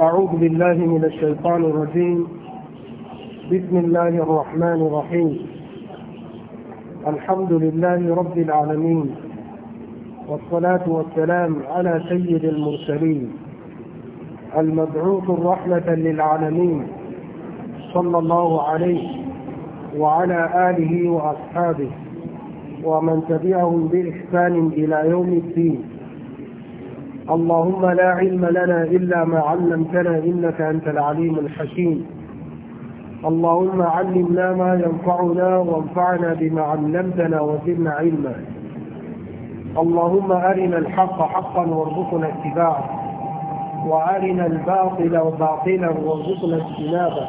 أعوذ بالله من الشيطان الرجيم بسم الله الرحمن الرحيم الحمد لله رب العالمين والصلاة والسلام على سيد المرسلين المبعوث رحمة للعالمين صلى الله عليه وعلى آله وأصحابه ومن تبعهم بإحسان إلى يوم الدين اللهم لا علم لنا إلا ما علمتنا إنك أنت العليم الحكيم اللهم علمنا ما ينفعنا وانفعنا بما علمتنا وزدنا علما اللهم أرنا الحق حقا وارزقنا اتباعه وأرنا الباطل باطلا وارزقنا اجتنابه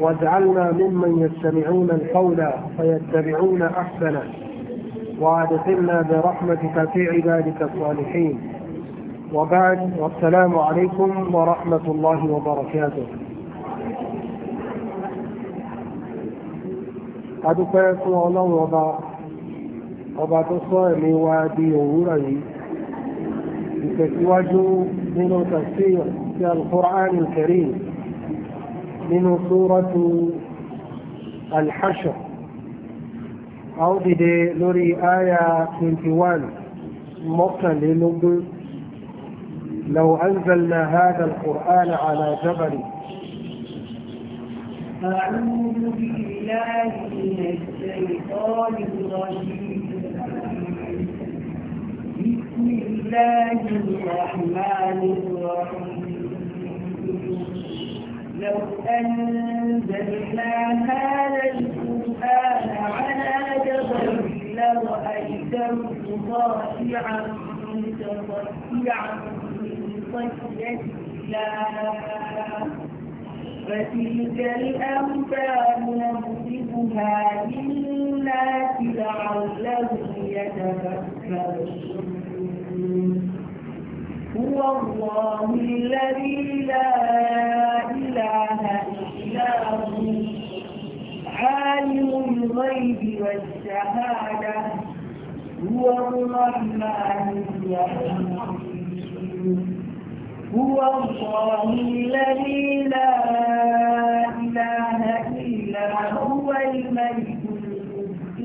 واجعلنا ممن يستمعون القول فيتبعون احسنه وادخلنا برحمتك في عبادك الصالحين وبعد والسلام عليكم ورحمه الله وبركاته adúpẹ́ fún ọlọ́run ọba ọba tó sọ ẹ̀mí wa di òwúrọ̀ ìtẹ̀síwájú nínú nínú سورة الحشر أو بدي نري آية من 21 mọ́kànlélógún لو أنزلنا هذا القرآن على جبل أعوذ بالله من الشيطان الرجيم بسم الله الرحمن الرحيم لو أنزلنا هذا القرآن على جبل لرأيته خاشعا متصدعا من خشية الله فتلك الأمثال نضربها للناس لعلهم يتفكرون هو الله الذي لا عالم الغيب والشهادة هو الرحمن الرحيم هو الله الذي لا إله إلا هو الملك القدوس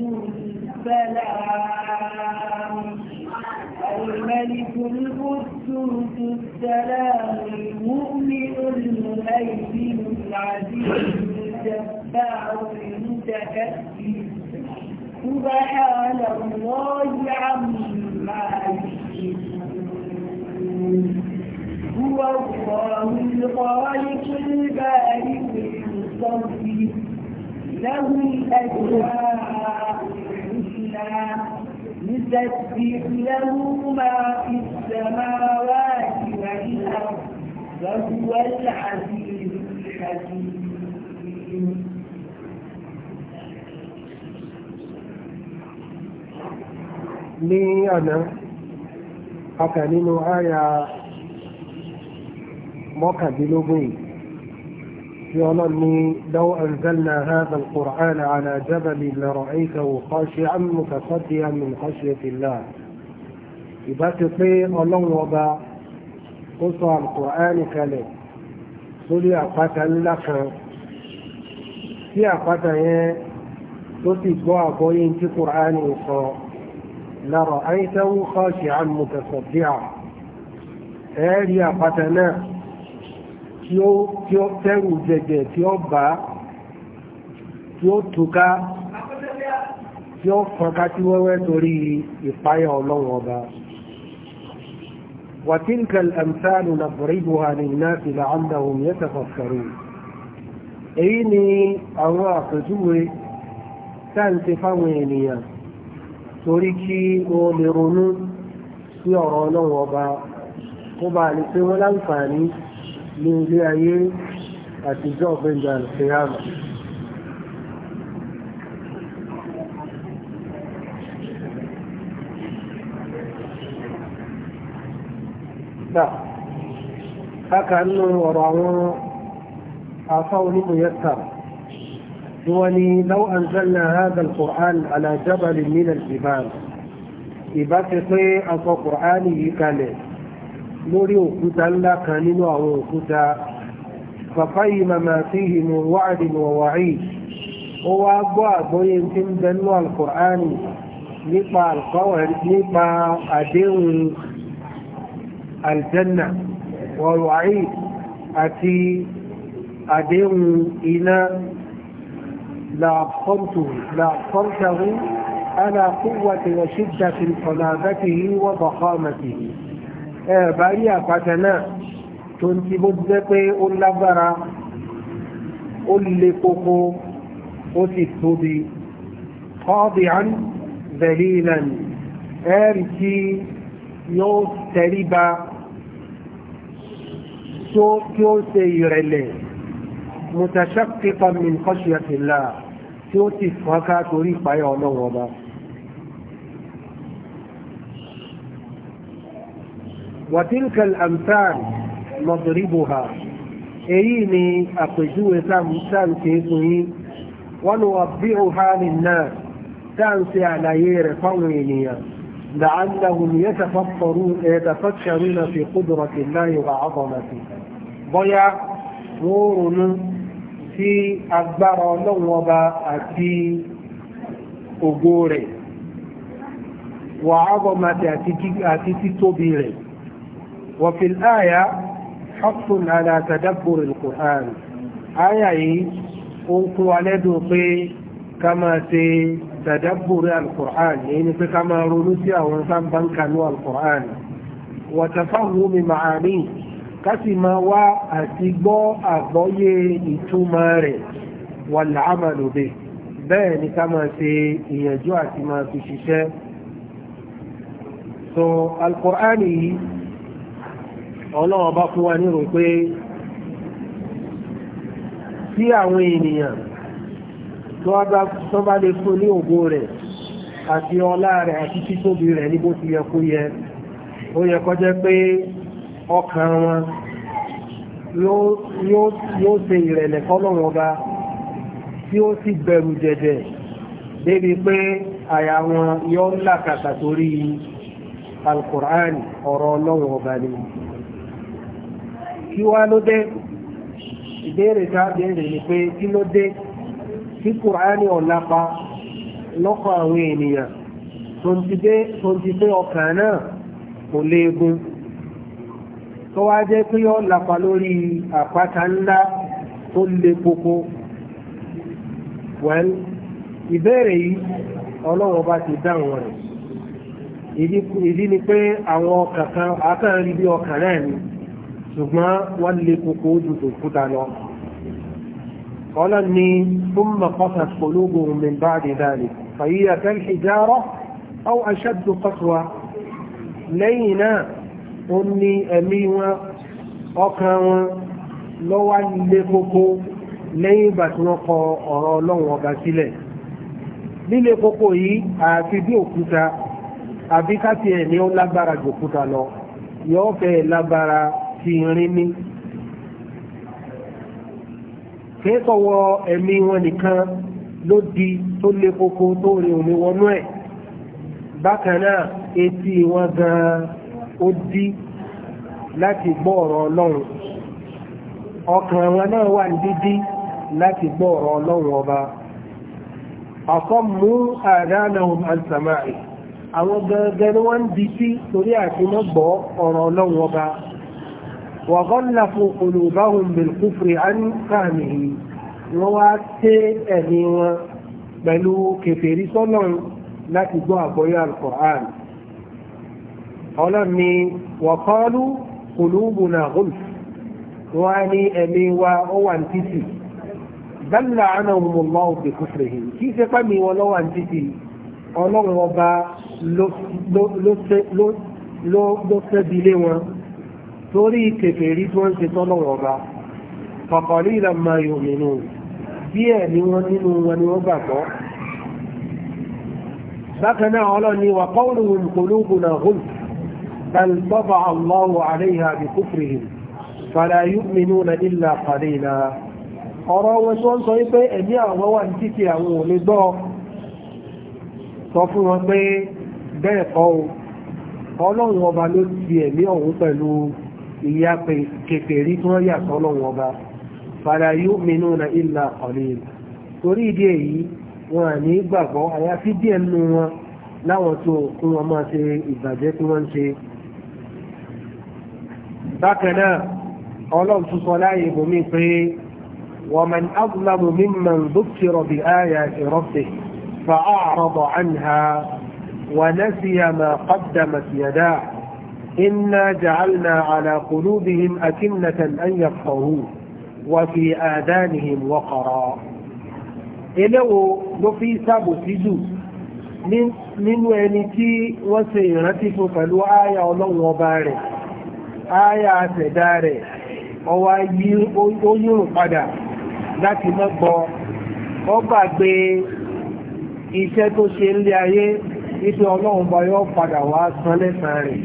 السلام الملك القدوس السلام المؤمن المهيمن العزيز الجبار سبحان الله عما يشركون هو الله الخالق البارئ المصور له الاسماء الحسنى يسبح له ما في السماوات والارض وهو العزيز الحكيم ní àná akà nínú àyà mọ́kàndínlógún yìí tí ọlọ́run ní لو أنزلنا هذا القرآن على جبل لرأيته خاشعا متصدعا من خشية الله ìbá ti pé ọlọ́run ọba ó sọ alkùránì kalẹ̀ sórí àpáta ńlá tó sì gbọ́ في tí kùránì sọ lára àìsẹ́wò kọ́ọ̀ṣì àmùtẹ̀sọ̀bíà ẹ̀ẹ́rí àpáta náà tí ó tẹ́rù jẹjẹ tí ó bá tí ó túká tí ó fọ́nká tí wẹ́wẹ́ torí ìpáyà ọlọ́run ọba وتلك الأمثال نضربها للناس لعلهم يتفكرون èyí ni àwọn àpèjúwe táǹtì fáwọn ènìyàn torí kí wọ́n lè ronú sí ọ̀rọ̀ ọlọ́run ọba kó bá lè pé wọ́n láǹfààní ní ilé ayé àtijọ́ ọ̀gbẹ́ndà àlùfẹ́yàmù. Bákan nínú ọ̀rọ̀ àwọn afá onímọ̀ وني لو أنزلنا هذا القرآن على جبل من الجبال إباكي أقوى قرآنه كان lórí òkúta ńlá kan nínú àwọn òkúta fàfáyìmà máa fi ìmú wáàdì wọ̀wàáyì ó wá gbọ́ àgbóyé tí ń bẹnú alkùránì nípa àdéhùn aljanna wọ̀wàáyì àti àdéhùn iná لا لا لأبصرته على قوة وشدة صلابته وضخامته بأي أفتنا تنتب الزقي اللبرة ألقه أتثبي خاضعا ذليلا أرتي يوس تربا سوكيو سيرلي متشققا من خشية الله tí ó ti fún aká torí ìpáyà ọlọ́run ọba wàtílkàl amsal nadribuha èyí ni àpèjúwe sáàmùsáàmùsí fún yí wọ́n lọ bí òhà nìna sáàmùsí àlàyé rẹ̀ fáwọn ènìyàn لعلهم يتفكرون يتفكرون في قدرة الله وعظمته ضيع نور sí agbára ọlọ́run ọba àti ògo rẹ̀ wà ágọ́màtì àti títóbi rẹ̀ wà fi láàyà haqqun ala tadabbur al-Qur'an àyà yìí ó ń kún wa lẹ́dùn pé ká máa ṣe tadabbur al èyí ni pé ká máa ronú sí àwọn sábà ń kanú al-Qur'an wa kásì máa wá àti gbọ́ àgbọ́yé ìtumọ̀ rẹ̀ wal amalu bihi bẹ́ẹ̀ ni ká máa ṣe ìyànjú àti máa fi ṣiṣẹ́ so alkùránì yìí ọlọ́wọ́ bá fún wa nírò pé tí àwọn ènìyàn tó bá lè fún ní ògo rẹ̀ àti ọlá rẹ̀ àti títóbi rẹ̀ ní bó ti yẹ kó yẹ ó yẹ kó pé ọkàn wọn yóò ṣe ìrẹ̀lẹ̀ fọ́lọ́run ọba tí ó sì bẹ̀rù jẹ̀jẹ̀ débi pé àyà wọn yóò làkàtà torí alkùránì ọ̀rọ̀ ọlọ́run ọba ni kí wá ló dé ìbéèrè tá béèrè ni pé kí ló dé tí kùránì ọ̀lápa lọ́kọ̀ àwọn ènìyàn tó ti dé ọkàn náà kò léegun tó wá jẹ́ pé yọ́ lápa lórí àpáta ńlá tó le koko wẹ́l ìbéèrè yìí ọlọ́wọ́ bá ti dáhùn rẹ̀ ìdí ni pé àwọn kankan akẹ́rẹ́ ibi ọkàn náà ni ṣùgbọ́n wọ́n le koko ojú tó kúta lọ ọlọ́ni ثم قصت قلوبهم من بعد ذلك فهي كالحجارة أو أشد قسوة lẹ́yìn náà ó ní ẹ̀mí wọn ọkàn wọn lọ́wọ́ ilé kókó lẹ́yìn ìgbà tí wọ́n kọ ọ̀rọ̀ ọlọ́run ọba sílẹ̀ líle kókó yìí àti bí òkúta àbí káti ẹ̀ ní ó lágbára jù òkúta lọ yóò fẹ́ lágbára ti rin ní kẹ́kọ̀ọ́ ẹ̀mí wọn nìkan ló di tó lé kókó tó rí omi wọnú ẹ̀ bákan náà etí wọn gan-an ó dí láti gbọ́ ọ̀rọ̀ ọlọ́run ọkàn wọn náà wà ní dídí láti gbọ́ ọ̀rọ̀ ọlọ́run ọba ọ̀kọ́mú àdánahùn alsama'i àwọn gẹ́gẹ́ ni wọ́n ń di sí torí àti mọ́gbọ́ ọ̀rọ̀ ọlọ́run ọba wọ̀gọ́lọ́fún olùbáhùn ọlọ́run ni wọ̀kọ́lù kùlùbù náà gùlf wọ́n á ní ẹ̀mí wa ó wà ní títì bẹ́ẹ̀lá àánà òun mọ́ òfin kúfèrè yìí kí ṣe pẹ́ mi wọn lọ́wọ́ ní títì ọlọ́run ọba ló ṣẹ́bi lé wọn torí kèfèrí tí wọ́n ṣe tọ́lọ́run ọba kọ̀kọ̀rí ìlànà yòmìnú díẹ̀ ni wọ́n nínú wọn ni wọ́n gbàgbọ́ bákan náà ọlọ́ni wà kọ́ọ̀lù òun kò náà gùlf بل طبع الله عليها بكفرهم فلا يؤمنون إلا قليلا ọ̀rọ̀ wọn tí wọ́n sọ wípé ẹ̀mí àwọn wà ní títí àwọn ò lè gbọ́ sọ fún wọn pé bẹ́ẹ̀ kọ́ o ọlọ́run ọba ló ti ẹ̀mí ọ̀hún pẹ̀lú ìyá kèfèrí tí wọ́n yà sọ́lọ́run ọba fala yu'minuna illa qalil torí ìdí èyí wọn ní gbàgbọ́ àyàfi díẹ̀ nínú wọn láwọn tó kún wọn máa ṣe ìbàjẹ́ tí wọ́n ń ṣe bákanáà ọlọ́run tún sọ láàyè bòmí pé ومن أظلم ممن ذكر بآيات ربه فأعرض عنها ونسي ما قدمت يداه إنا جعلنا على قلوبهم أكنة أن يفقهوه وفي آذانهم وقرا eléwo ló fi ṣàbòsí jù nínú ẹni tí wọ́n ṣe ìrántí fún pẹ̀lú àyà ọlọ́run ọba rẹ̀ a àtẹ̀dá rẹ̀ ọwá yírùn padà láti mọ́gbọ́ ọ gbàgbé iṣẹ́ tó ṣe ń lé ayé ọlọ́run bá yọ padà wá san lẹ́sàn rẹ̀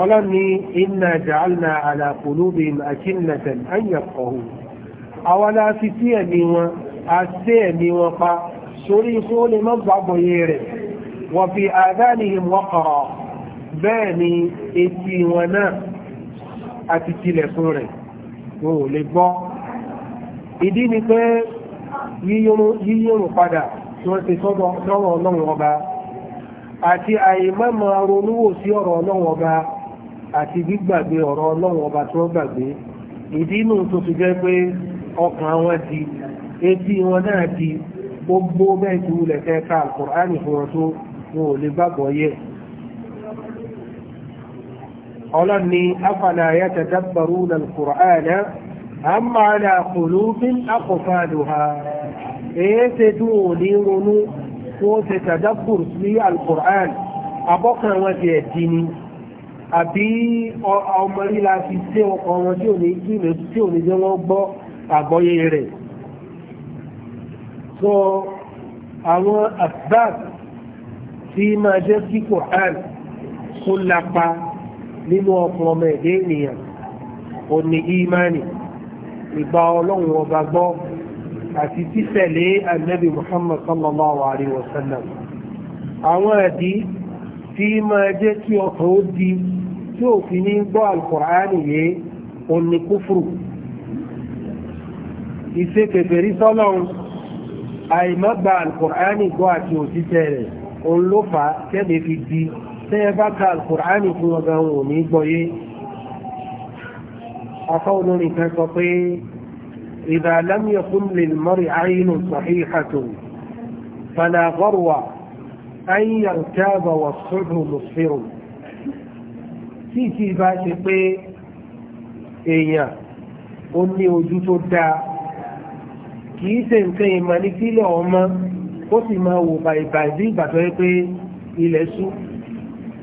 ọlọ́run ni inna ja'alna ala qulubihim akinnatan an yafqahu àwọn aláfi sí ẹ̀mí wọn àti ẹ̀mí wọn pa sórí ikú ó lè mọ́ gbàgbọ́yé rẹ̀ wa fi adhanihim bẹ́ẹ̀ ni etí wọn náà àti tilẹ̀kùn rẹ̀ wọn ò lè gbọ́ ìdí ni pé yíyọrùn padà tí wọ́n ti sọ́dọ̀ lọ́rọ̀ ọlọ́run ọba àti àìmọ́mọ́ ronúwò sí ọ̀rọ̀ ọlọ́run ọba àti gbígbàgbé ọ̀rọ̀ ọlọ́run ọba tí wọ́n gbàgbé ìdí inú tó fi jẹ́ pé ọkàn wọn ti etí wọn náà ti gbogbo bẹ́ẹ̀ wulẹ̀ fẹ́ ka Al-Qur'ani fún wọn tó wọn ò lè gbàgbọ́ yẹ̀ ọlọ́ni afala yatadabbaruna al-Qur'ana am ala qulubin aqfaluha èyí ṣe dùn òní ronú kó ṣe tadabbur sí al-Qur'an abọ́kàn wọn ti ẹ̀dí ni àbí ọmọ líla fi sí ọkọ̀ wọn tí ò ní jìnà tí ò ní jẹ́ wọ́n gbọ́ àgbọ́yé rẹ̀ so àwọn asbab tí máa jẹ́ sí Qur'an kó lápa nínú ọkùnrin ọmọ ẹ̀dẹ́ ènìyàn ò ní ìmánì ìgbà ọlọ́run ọba gbọ́ àti títẹ̀lé ànábì muhammad sallallahu alayhi wa sallam àwọn ẹ̀dí tí máa jẹ́ kí ọkàn ó di tí ò fi ní gbọ́ alkùránì yé ò ní kúfùrù ìṣe kèfèrí sọ́lọ́run àìmọ́gba alkùránì gbọ́ àti òtítẹ̀ rẹ̀ òun ló fà á fi di tẹ́ ẹ bá ka alkùránì fún ọgá wọn ò gbọ́yé afọ́ olórin kan sọ pé إذا لم يكن للمرء عين صحيحة فلا غروة أن يرتاب والصبح مصفر tí tí bá ṣe pé èèyàn ó ní ojú tó dáa kìí ṣe nǹkan ìmọ̀ ní ilẹ̀ sùn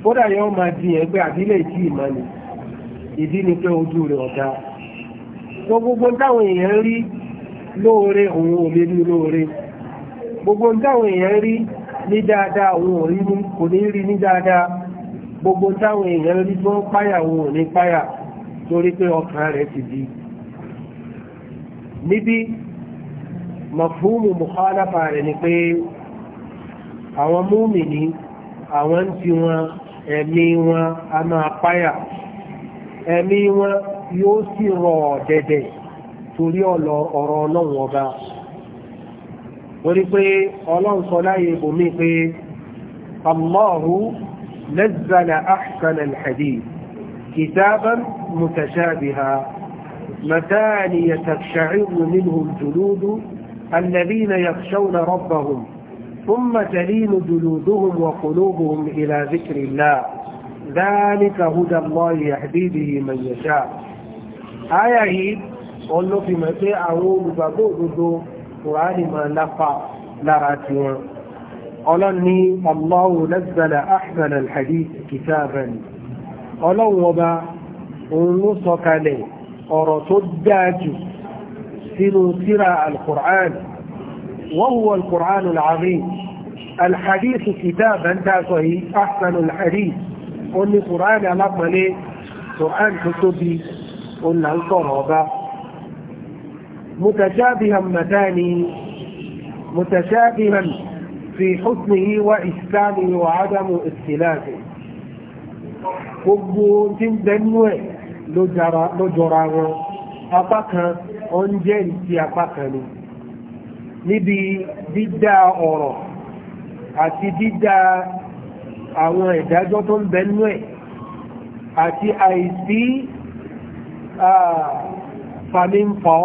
kódà yóò máa di ẹgbẹ́ àbílẹ̀ ìtì ìmọ̀ni ìdí ni pé ojú rẹ̀ ọ̀dá tó gbogbo táwọn èèyàn rí lóore òun ò lè rí lóore gbogbo táwọn èèyàn rí ní dáadáa òun ò rí kò ní rí ní dáadáa gbogbo táwọn èèyàn rí tó ń páyà òun ò ní páyà torí pé ọkàn rẹ̀ ti di níbi mafúmù mùkálàfà rẹ̀ ni pé àwọn múmi ní àwọn tí wọ́n ẹ̀mí wọn a máa páyà ẹ̀mí wọn yóò sì rọ̀ dẹ̀dẹ̀ torí ọ̀rọ̀ ọlọ́run ọba torí pé ọlọ́run sọ láyé ibòmí pé Allahu nazzala ahsana al-hadith kitaban mutashabiha matani yatashairu minhu al-julud الذين يخشون ربهم ثم تلين جلودهم وقلوبهم إلى ذكر الله ذلك هدى الله يهدي به من يشاء آية هي ọlọ́ fi mọ̀ pé àwọn olùgbàgbọ́ òdodo kùránì máa lápá lára ti wọn ọlọ́ni allahu nazzala ahsan alhadith kitaban ọlọ́run ọba òun ló sọ̀kalẹ̀ ọ̀rọ̀ tó dáa jù sínú tírà alkùránì وهو القرآن العظيم الحديث كتابا تاسوه أحسن الحديث قل قرآن لطمني إيه؟ قرآن كتبي قل القرابة متشابها متاني متشابها في حسنه وإسلامه وعدم اختلافه قبو tí ń bẹnú ẹ̀ ló jọra wọn níbi dídá ọ̀rọ̀ àti dídá àwọn ìdájọ́ tó ń bẹnú ẹ̀ àti àìsí fàmíǹfọ́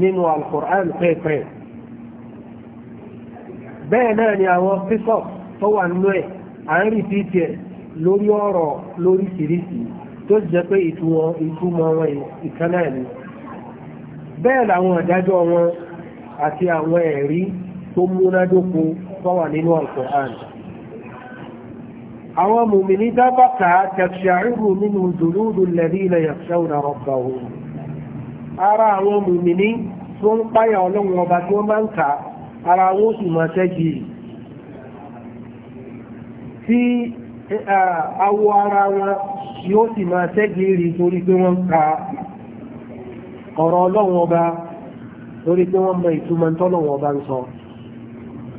nínú alkùnrán pẹ́ẹ̀pẹ́ bẹ́ẹ̀ náà ni àwọn pípọ̀ tó wà nínú ẹ̀ à ń rí títí ẹ̀ lórí ọ̀rọ̀ lóríṣìíríṣìí tó jẹ́ pé ìtumọ̀ wọn ìkan ni bẹ́ẹ̀ làwọn ìdájọ́ wọn àti àwọn ẹ̀rí tó múnádóko tọ́wà nínú Al-Qur'an àwọn mùmìnì dábàkà tẹ̀ṣàrírù nínú jùlúdù lẹ́rìnà yakhshawna rabbahum ara àwọn mùmìnì tó ń páyà ọlọ́run ọba tí wọ́n máa ń kà ara wọ́n sì ọ̀rọ̀ ọlọ́run ọba lórí pé wọ́n mọ ìtumọ̀ tọ́lọ̀wọ̀n bá ń sọ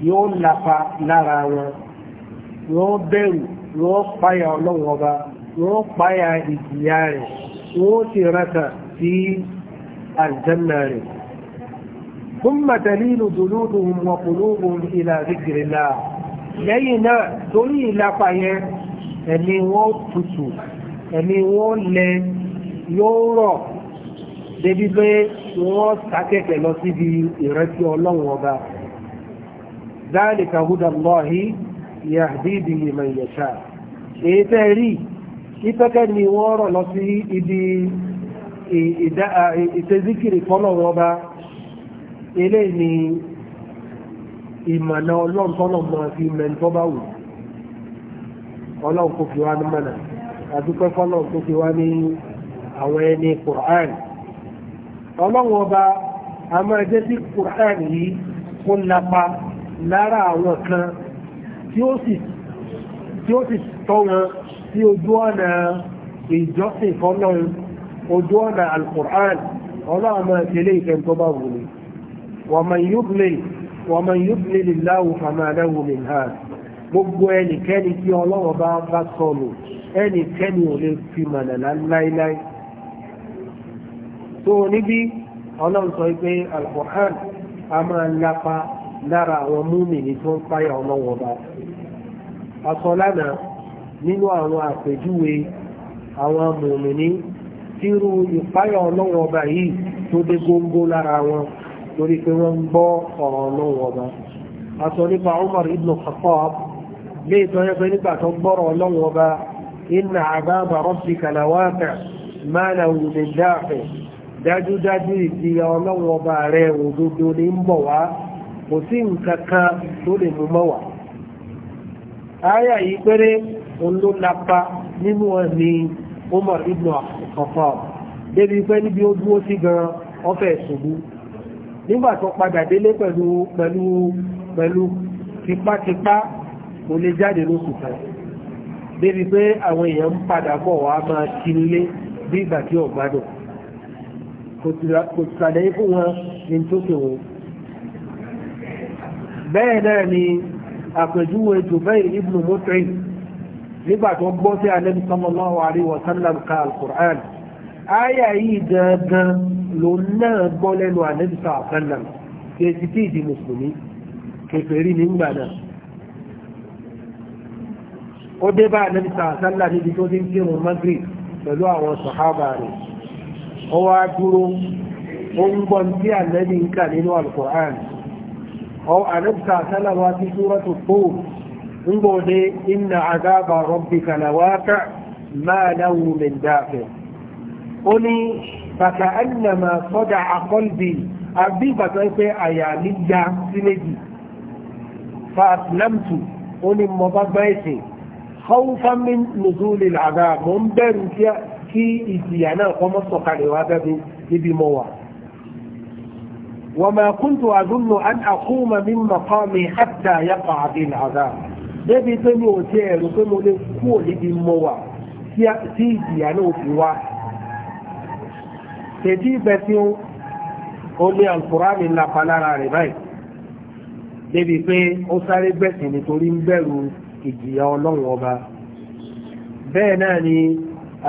yóò lapa lára wọn wọ́n bẹ̀rù wọ́n páyà ọlọ́wọ̀n ọba wọ́n páyà ìjìyà rẹ̀ wọ́n ti rẹ́ta sí àjẹ́nà rẹ̀ ثم تلين جلودهم إلى ذكر الله lẹ́yìn náà torí ìlàpá yẹn ẹ̀mí wọn tutù ẹ̀mí yóò rọ̀ débi pé wọ́n sàkẹ́kẹ̀ lọ síbi ìrètí ọlọ́run ọba dáàlìkà húdà lọ́hí yàdìdì ìmọ̀ ìyẹ̀ṣà èyí tẹ́ rí ìfẹ́kẹ́ ni wọ́n rọ̀ lọ sí ibi ìtẹ́zíkìrì fọ́lọ́run ọba ilé ni ìmọ̀nà ọlọ́run tọ́lọ̀ máa fi mẹ́ntọ́ bá wù ọlọ́run kò fi wá ní mọ̀nà ọlọ́run ọba a máa jẹ́ sí Qur'an yìí kó lapa lára àwọn kan tí ó sì tọ́ wọn sí ojú ọ̀nà ìjọsìn fọ́lọ́run ojú ọ̀nà al-Qur'an ọlọ́run máa tẹ̀lé ìfẹ́ tó bá ومن يضلل ومن يضلل الله فما له من هاد gbogbo ẹnikẹ́ni tí ọlọ́run bá bá sọnù ẹnikẹ́ni ò lè fi mọ̀nà láíláí tó níbi ọlọ́run sọ pé alkohan a máa lápa lára àwọn múmìnì tó ń páyà ọlọ́wọ́ bá aṣọ lánàá nínú àwọn àpèjúwe àwọn múmìnì tírú ìpáyà ọlọ́wọ́ bá yìí tó dé góńgó lára wọn torí pé wọ́n ń gbọ́ ọ̀rọ̀ ọlọ́wọ́ bá nípa Umar ibn Khattab lè tọ́jọ́ pé nígbà tó gbọ́rọ̀ ọlọ́wọ́ inna àbábà rabbika dájúdájú ìjìyà ọlọ́run ọba rẹ̀ òdodo ní ń bọ̀ wá kò sí nǹkan kan tó lè mú mọ́ wá. àyà yìí péré òun ló lapa nínú ẹ̀mí Umar ibn Khattab débi pé níbi ó dúró sí gan ọfẹ́ ìṣubú nígbà tó padà délé pẹ̀lú pẹ̀lú pẹ̀lú tipátipá kò lè jáde lóṣù kan débi pé àwọn èèyàn ń padà bọ̀ wá máa kí nílé bí ìgbà tí ọ̀gbádùn kò sàlẹ̀ fún wọn ní tó ṣe wọn bẹ́ẹ̀ náà ni àpèjúwe Jubayr ibn Mut'im nígbà tó gbọ́ sí Ànábì sallallahu alaihi wa sallam ka al-Qur'an áyà yìí gangan ló náà gbọ́ lẹ́nu Ànábì sallallahu alaihi ó dé bá Ànábì sallallahu níbi tó ti ń kírun Maghrib pẹ̀lú àwọn sàhábà rẹ̀ ó wá dúró ó ń bọ́ tí àlẹ́bí ń kà nínú alkùnrin ọ àrẹ́bùta sálàwà tí súrọ́tù tó ń bọ̀ dé iná àgábà rọ̀bì kàlàwákà máa láwù min dáfẹ́ ó ní bàtà annama sọ́dà àkọ́lbì àbí bàtà pé àyà nígbà sílẹ̀jì fàtìlámtù ó ní mọ̀ bá خوفا من نزول العذاب هم بيروا kí ìjìyà náà kọ́ mọ́ sọ̀kalẹ̀ wá bẹ́ẹ̀ níbi mọ́ wà. وما كنت أظن أن أقوم من مقامي حتى يقع في العذاب débi pé mi ò tí ẹ̀rù pé mo lè kúrò níbi mọ́ wà tí ìjìyà náà fi wá tètè ibẹ̀ tí ó ní alkùránì lápá lára rẹ̀ báyìí débi pé ó sáré gbẹ̀sìn nítorí ń bẹ̀rù ìjìyà ọlọ́run ọba bẹ́ẹ̀ náà ni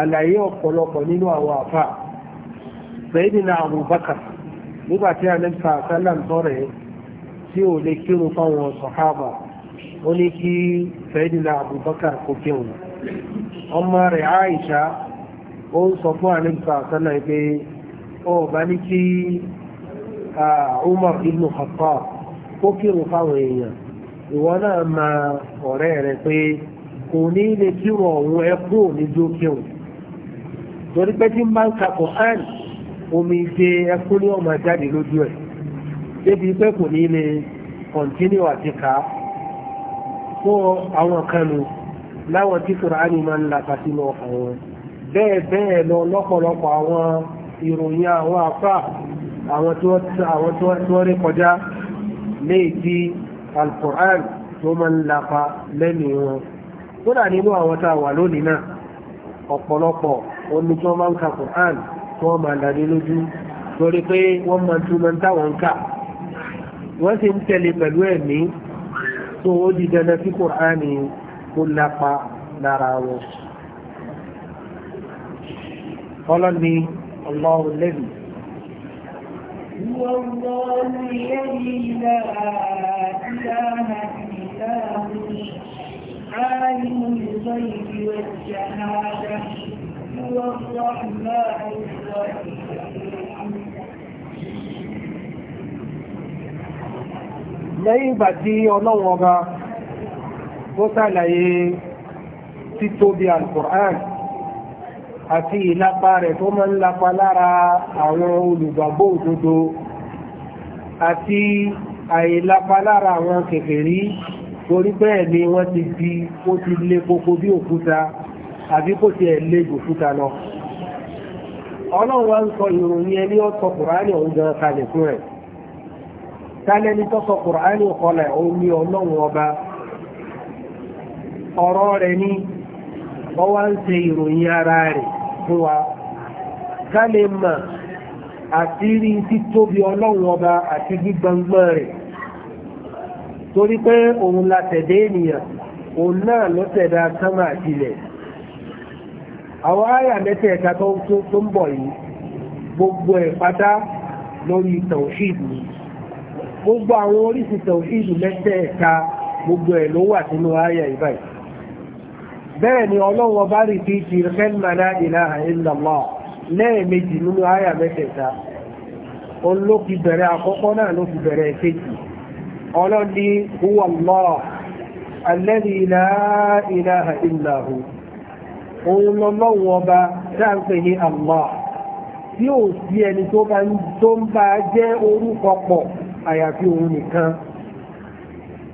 àlàyé ọ̀pọ̀lọpọ̀ nínú àwọn àfà Sayyidina Abubakar nígbà tí anẹ́bíkà sálàm tọ́rẹ̀ tí ò lè kírun fáwọn sọ̀hábà ó ní kí Sayyidina Abubakar kò kírun ọmọ rẹ̀ Aisha ó ń sọ fún anẹ́bíkà sálàm pé ó bá ní kí Umar ibn Khattab kó kírun fáwọn èèyàn ìwọ náà ma ọ̀rẹ́ rẹ̀ pé kò ní lè kírun ọ̀hún ẹ kúrò ní jókèrún torí pé tí máa ń ka Quran omi ṣe ẹkún ní ọmọ jáde lójú ẹ̀ débi pé kò ní lè kọ̀ntínú àti kà á fún àwọn kanu láwọn tí Quran máa ń lapa sínú ọkàn wọn bẹ́ẹ̀ bẹ́ẹ̀ lọ lọ́pọ̀lọpọ̀ àwọn ìròyìn àwọn afá àwọn tí wọ́n rí kọjá léè tí al tó máa ń lapa lẹ́nu wọn kódà nínú àwọn tá a wà lónìí náà ọ̀pọ̀lọpọ̀ ó ní tí wọ́n máa ń ka Quran tí wọ́n máa dàdé lójú torí pé wọ́n máa túmọ̀ ń táwọn ń kà wọ́n sì ń tẹ̀lé pẹ̀lú ẹ̀mí tó ó di dandan sí Quran kó lápa lára wọn. ọlọ́ni ọlọ́run lẹ́bi. هو الله الذي لا إله إلا هو عالم الغيب هو الرحمن الرحيم lẹ́yìn ìgbà tí ọlọ́run ọba tó sàlàyé títóbi al-Qur'an àti ìlapa rẹ̀ tó mọ́ ń lapa lára àwọn olùgbàgbọ́ òdodo àti àìlapa lára àwọn kèfèrí torí bẹ́ẹ̀ ni wọ́n ti di ó ti lé kókó bí òkúta àbí kò tiẹ̀ lé gòkúta lọ ọlọ́run wa ń sọ ìròyìn ẹni ó sọ kùránì ọ̀hún gan kalẹ̀ fún ẹ̀ tálẹ́ni tó sọ kùránì ọ̀kọlẹ̀ ọ̀hún ní ọlọ́run ọba ọ̀rọ̀ rẹ̀ ní ọ wá ń ṣe ìròyìn ara rẹ̀ fún wa ká lè mọ̀ àti rí títóbi ọlọ́run ọba àti gbígbọ́ngbọ́n rẹ̀ torí pé òun la tẹ̀dé ènìyàn òun náà ló sánmà àtilẹ̀ àwọn àyà mẹ́tẹ̀ẹ̀ta tó ń bọ̀ yìí gbogbo ẹ̀ pátá lórí tawhid ni gbogbo àwọn oríṣi tawhid mẹ́tẹ̀ẹ̀ta gbogbo ẹ̀ ló wà sínú àyà ìbáyìí bẹ́ẹ̀ ni ọlọ́run ọba rí fi ti kẹ́lìmà la ilaha illallah lẹ́ẹ̀mejì nínú àyà mẹ́tẹ̀ẹ̀ta ló fi bẹ̀rẹ̀ òun lọ́lọ́run ọba dáńpẹ́ ní Allah tí ò sí ẹni tó ń bá jẹ́ orúkọ pọ̀ àyàfi òun nìkan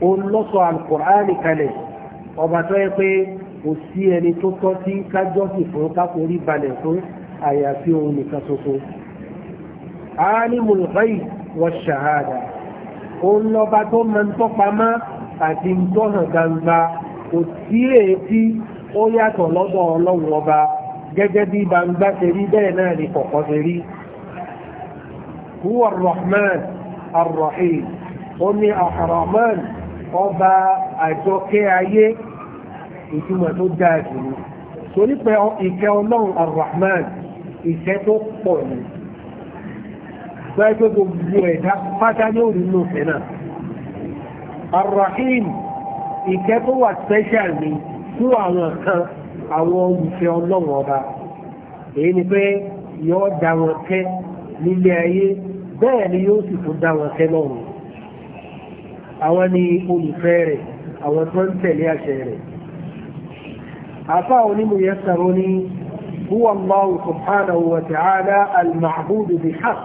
òun lọ́sọ Al-Qur'ani kalẹ̀ ọba tó yẹ pé kò sí ẹni tó tọ́ sí kájọ́sì fún káforí balẹ̀ fún àyàfi òun nìkan ṣoṣo alimul ghaib wash-shahada òun lọ́ba tó mọ̀ ń tọ́pamọ́ àti ń tọ́hàn gbangba kò sí èéfí ó yàtọ̀ lọ́dọ̀ ọlọ́run ọba gẹ́gẹ́ bí gbangba ṣe rí bẹ́ẹ̀ náà ni kọ̀kọ́ ṣe rí huwa rahman arrahim ó ní arrahman ọba àjọkẹ́ ayé ìtumọ̀ tó dáa jù ní torí pé ìkẹ́ ọlọ́run arrahman ìkẹ́ tó pọ̀ ní gbẹ́gbẹ́ gbogbo ẹ̀dá pátá ní òrìnà náà arrahim ìkẹ́ tó wà special ni fún àwọn kan àwọn olùfẹ́ ọlọ́run ọba èyí ni pé yóò dá wọn tẹ́ nílé ayé bẹ́ẹ̀ ni yóò sì tún dá wọn tẹ́ lọ́run àwọn ni olùfẹ́ rẹ̀ àwọn tó ń tẹ̀lé àṣẹ rẹ̀ àfa onímọ̀yẹ sọ̀rọ̀ ni هو الله سبحانه وتعالى المعبود بحق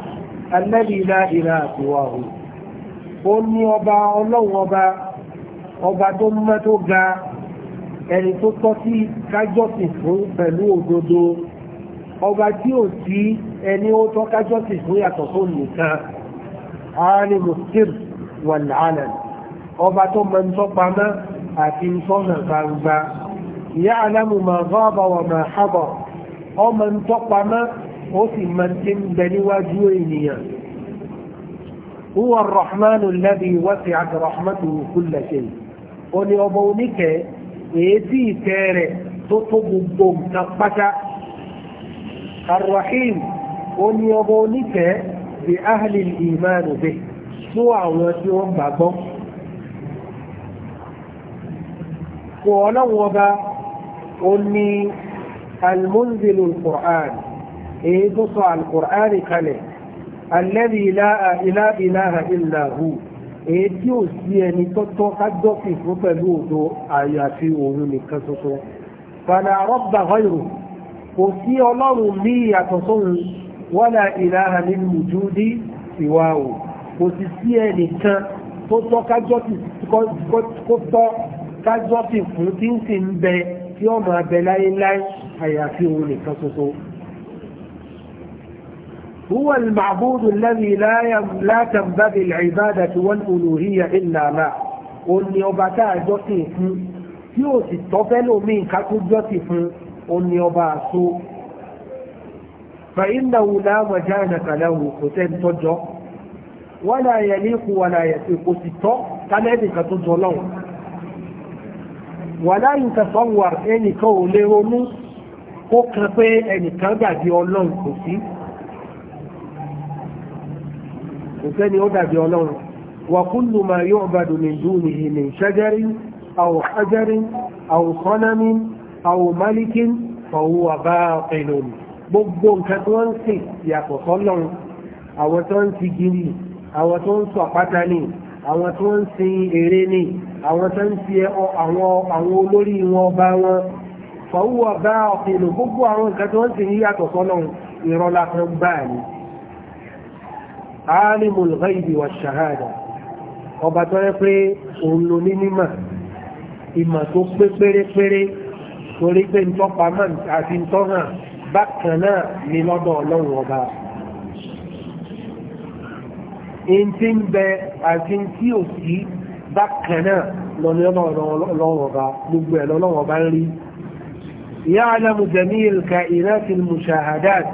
الذي لا إله سواه ó ní ọba ọlọ́run ọba ọba tó mọ́ ga ẹni tó tọ́ sí kájọ́sìn fún pẹ̀lú òdodo ọba tí ò sí ẹni ó tọ́ kájọ́sìn fún yàtọ̀ tó nìkan ààrin muslim wà láàrín ọba tó mọ ń tọ́pamọ́ àti ń tọ́nà gbangba ìyá alámù máa gọ́ọ̀bà wà máa hábọ̀ ọmọ ń tọ́pamọ́ ó sì mọ ti ń bẹ níwájú ènìyàn هو الرحمن الذي èyí tí ìtẹ́ rẹ̀ tó tó gbogbo nǹkan pátá arrahim ó ní ọmọ onífẹ̀ẹ́ bí ahli ìmánu bẹ́ fún àwọn tí wọ́n gbàgbọ́ kò ọlọ́run ọba ó ní almunzilu alqur'an èyí tó sọ alqur'an kalẹ̀ alladhi la ilaha illa èyí tí ò sí ẹni tọ́tọ́ ká jọ́sìn fún pẹ̀lú òdo àyàfi òun nìkan ṣoṣo fàlà rọ́bà ọ̀yọ̀ kò sí ọlọ́run ní ìyàtọ̀ sóhun wala ilaha lil wujudi siwahu kò sì sí ẹnìkan tó tọ́ ká jọ́sìn kó tọ́ ká jọ́sìn fún tí ń sì ń bẹ tí ó máa bẹ láéláé àyàfi òun nìkan ṣoṣo. هو المعبود الذي لا يم... لا تنبغي العبادة والألوهية إلا ما òní ọba tá a jọ́sìn fún tí ó sì tọ́fẹ́ lómi nǹkan tó jọ́sìn fún òní ọba àṣọ فإنه لا مجانة له kò sẹ́ni tọ́jọ́ ولا يليق ولا يسيق kò sì tọ́ kálẹ́ẹ̀dì kan tó jọ lọ́wọ́ ولا يتصور ẹnìkan ò lè ronú kó kan pé ẹnìkan gbàgbé ọlọ́run kò sí. kò sẹ́ni ó dàbí ọlọ́run wa kullu ma yu'badu min dunihi min shajarin aw hajarin aw sanamin aw malikin fa huwa baatilun gbogbo nǹkan tí wọ́n ń sìn yàtọ̀ sọ́lọ́run àwọn tó ń ti giri àwọn tó ń sọ àpáta ni ìrọ̀lá kan gbáà alimul ghaibi wa shahada ọba tó yẹ pé òun ló ní nímà ìmà tó pé pérépéré torí pé ntọ́pamọ́ àti ntọ́hàn bákan náà ni lọ́dọ̀ ọlọ́run ọba ntí ń bẹ àti ntí ò sí bákan náà lọ́ni ọlọ́run ọba gbogbo ẹ̀ lọ́lọ́run ọba ń rí ya'lamu jami'il kainati al-mushahadat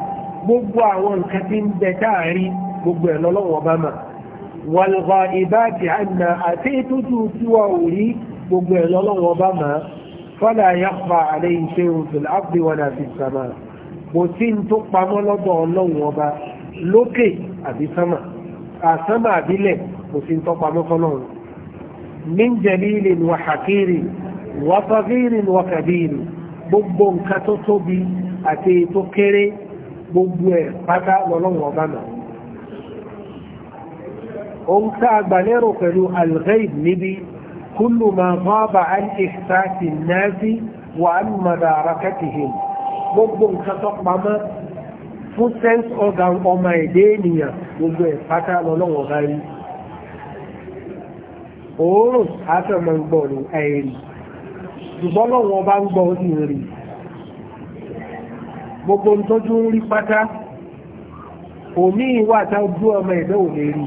gbogbo àwọn nǹkan tí ń bẹ táàrí gbogbo ẹ̀ lọ́lọ́wọ́ ọba mà wàlùkọ ìbáàkì àná àti ìtútù tiwa ò rí gbogbo ẹ̀ lọ́lọ́wọ́ ọba mà fọlá yàpá àlẹ́ iṣẹ́ òfin áfíríwọ̀n àti sàmà kò sí ní tó pamọ́ lọ́dọ̀ min jalilin wa hakirin wa sagirin wa kabirin gbogbo nǹkan tó tóbi àti tó kéré gbogbo ẹ̀ pátá lọ́lọ́wọ́ ọba náà ohun tá a gbà lérò pẹ̀lú al-ghaib níbi kullu ma ghaba an ihsasi an-nasi wa an madarakatihim gbogbo nǹkan tó pamọ́ fún sense organ ọmọ èdè ènìyàn gbogbo ẹ̀ pátá lọ́lọ́wọ́ bá rí òórùn àtọ̀mọ̀ ń gbọ́ ní ẹ̀rì ṣùgbọ́n lọ́wọ́ bá ń gbọ́ ní gbogbo ń tọ́jú ń rí pátá òmí ìwà àtàwọn ojú ọmọ ẹ̀dẹ́ ò lè rí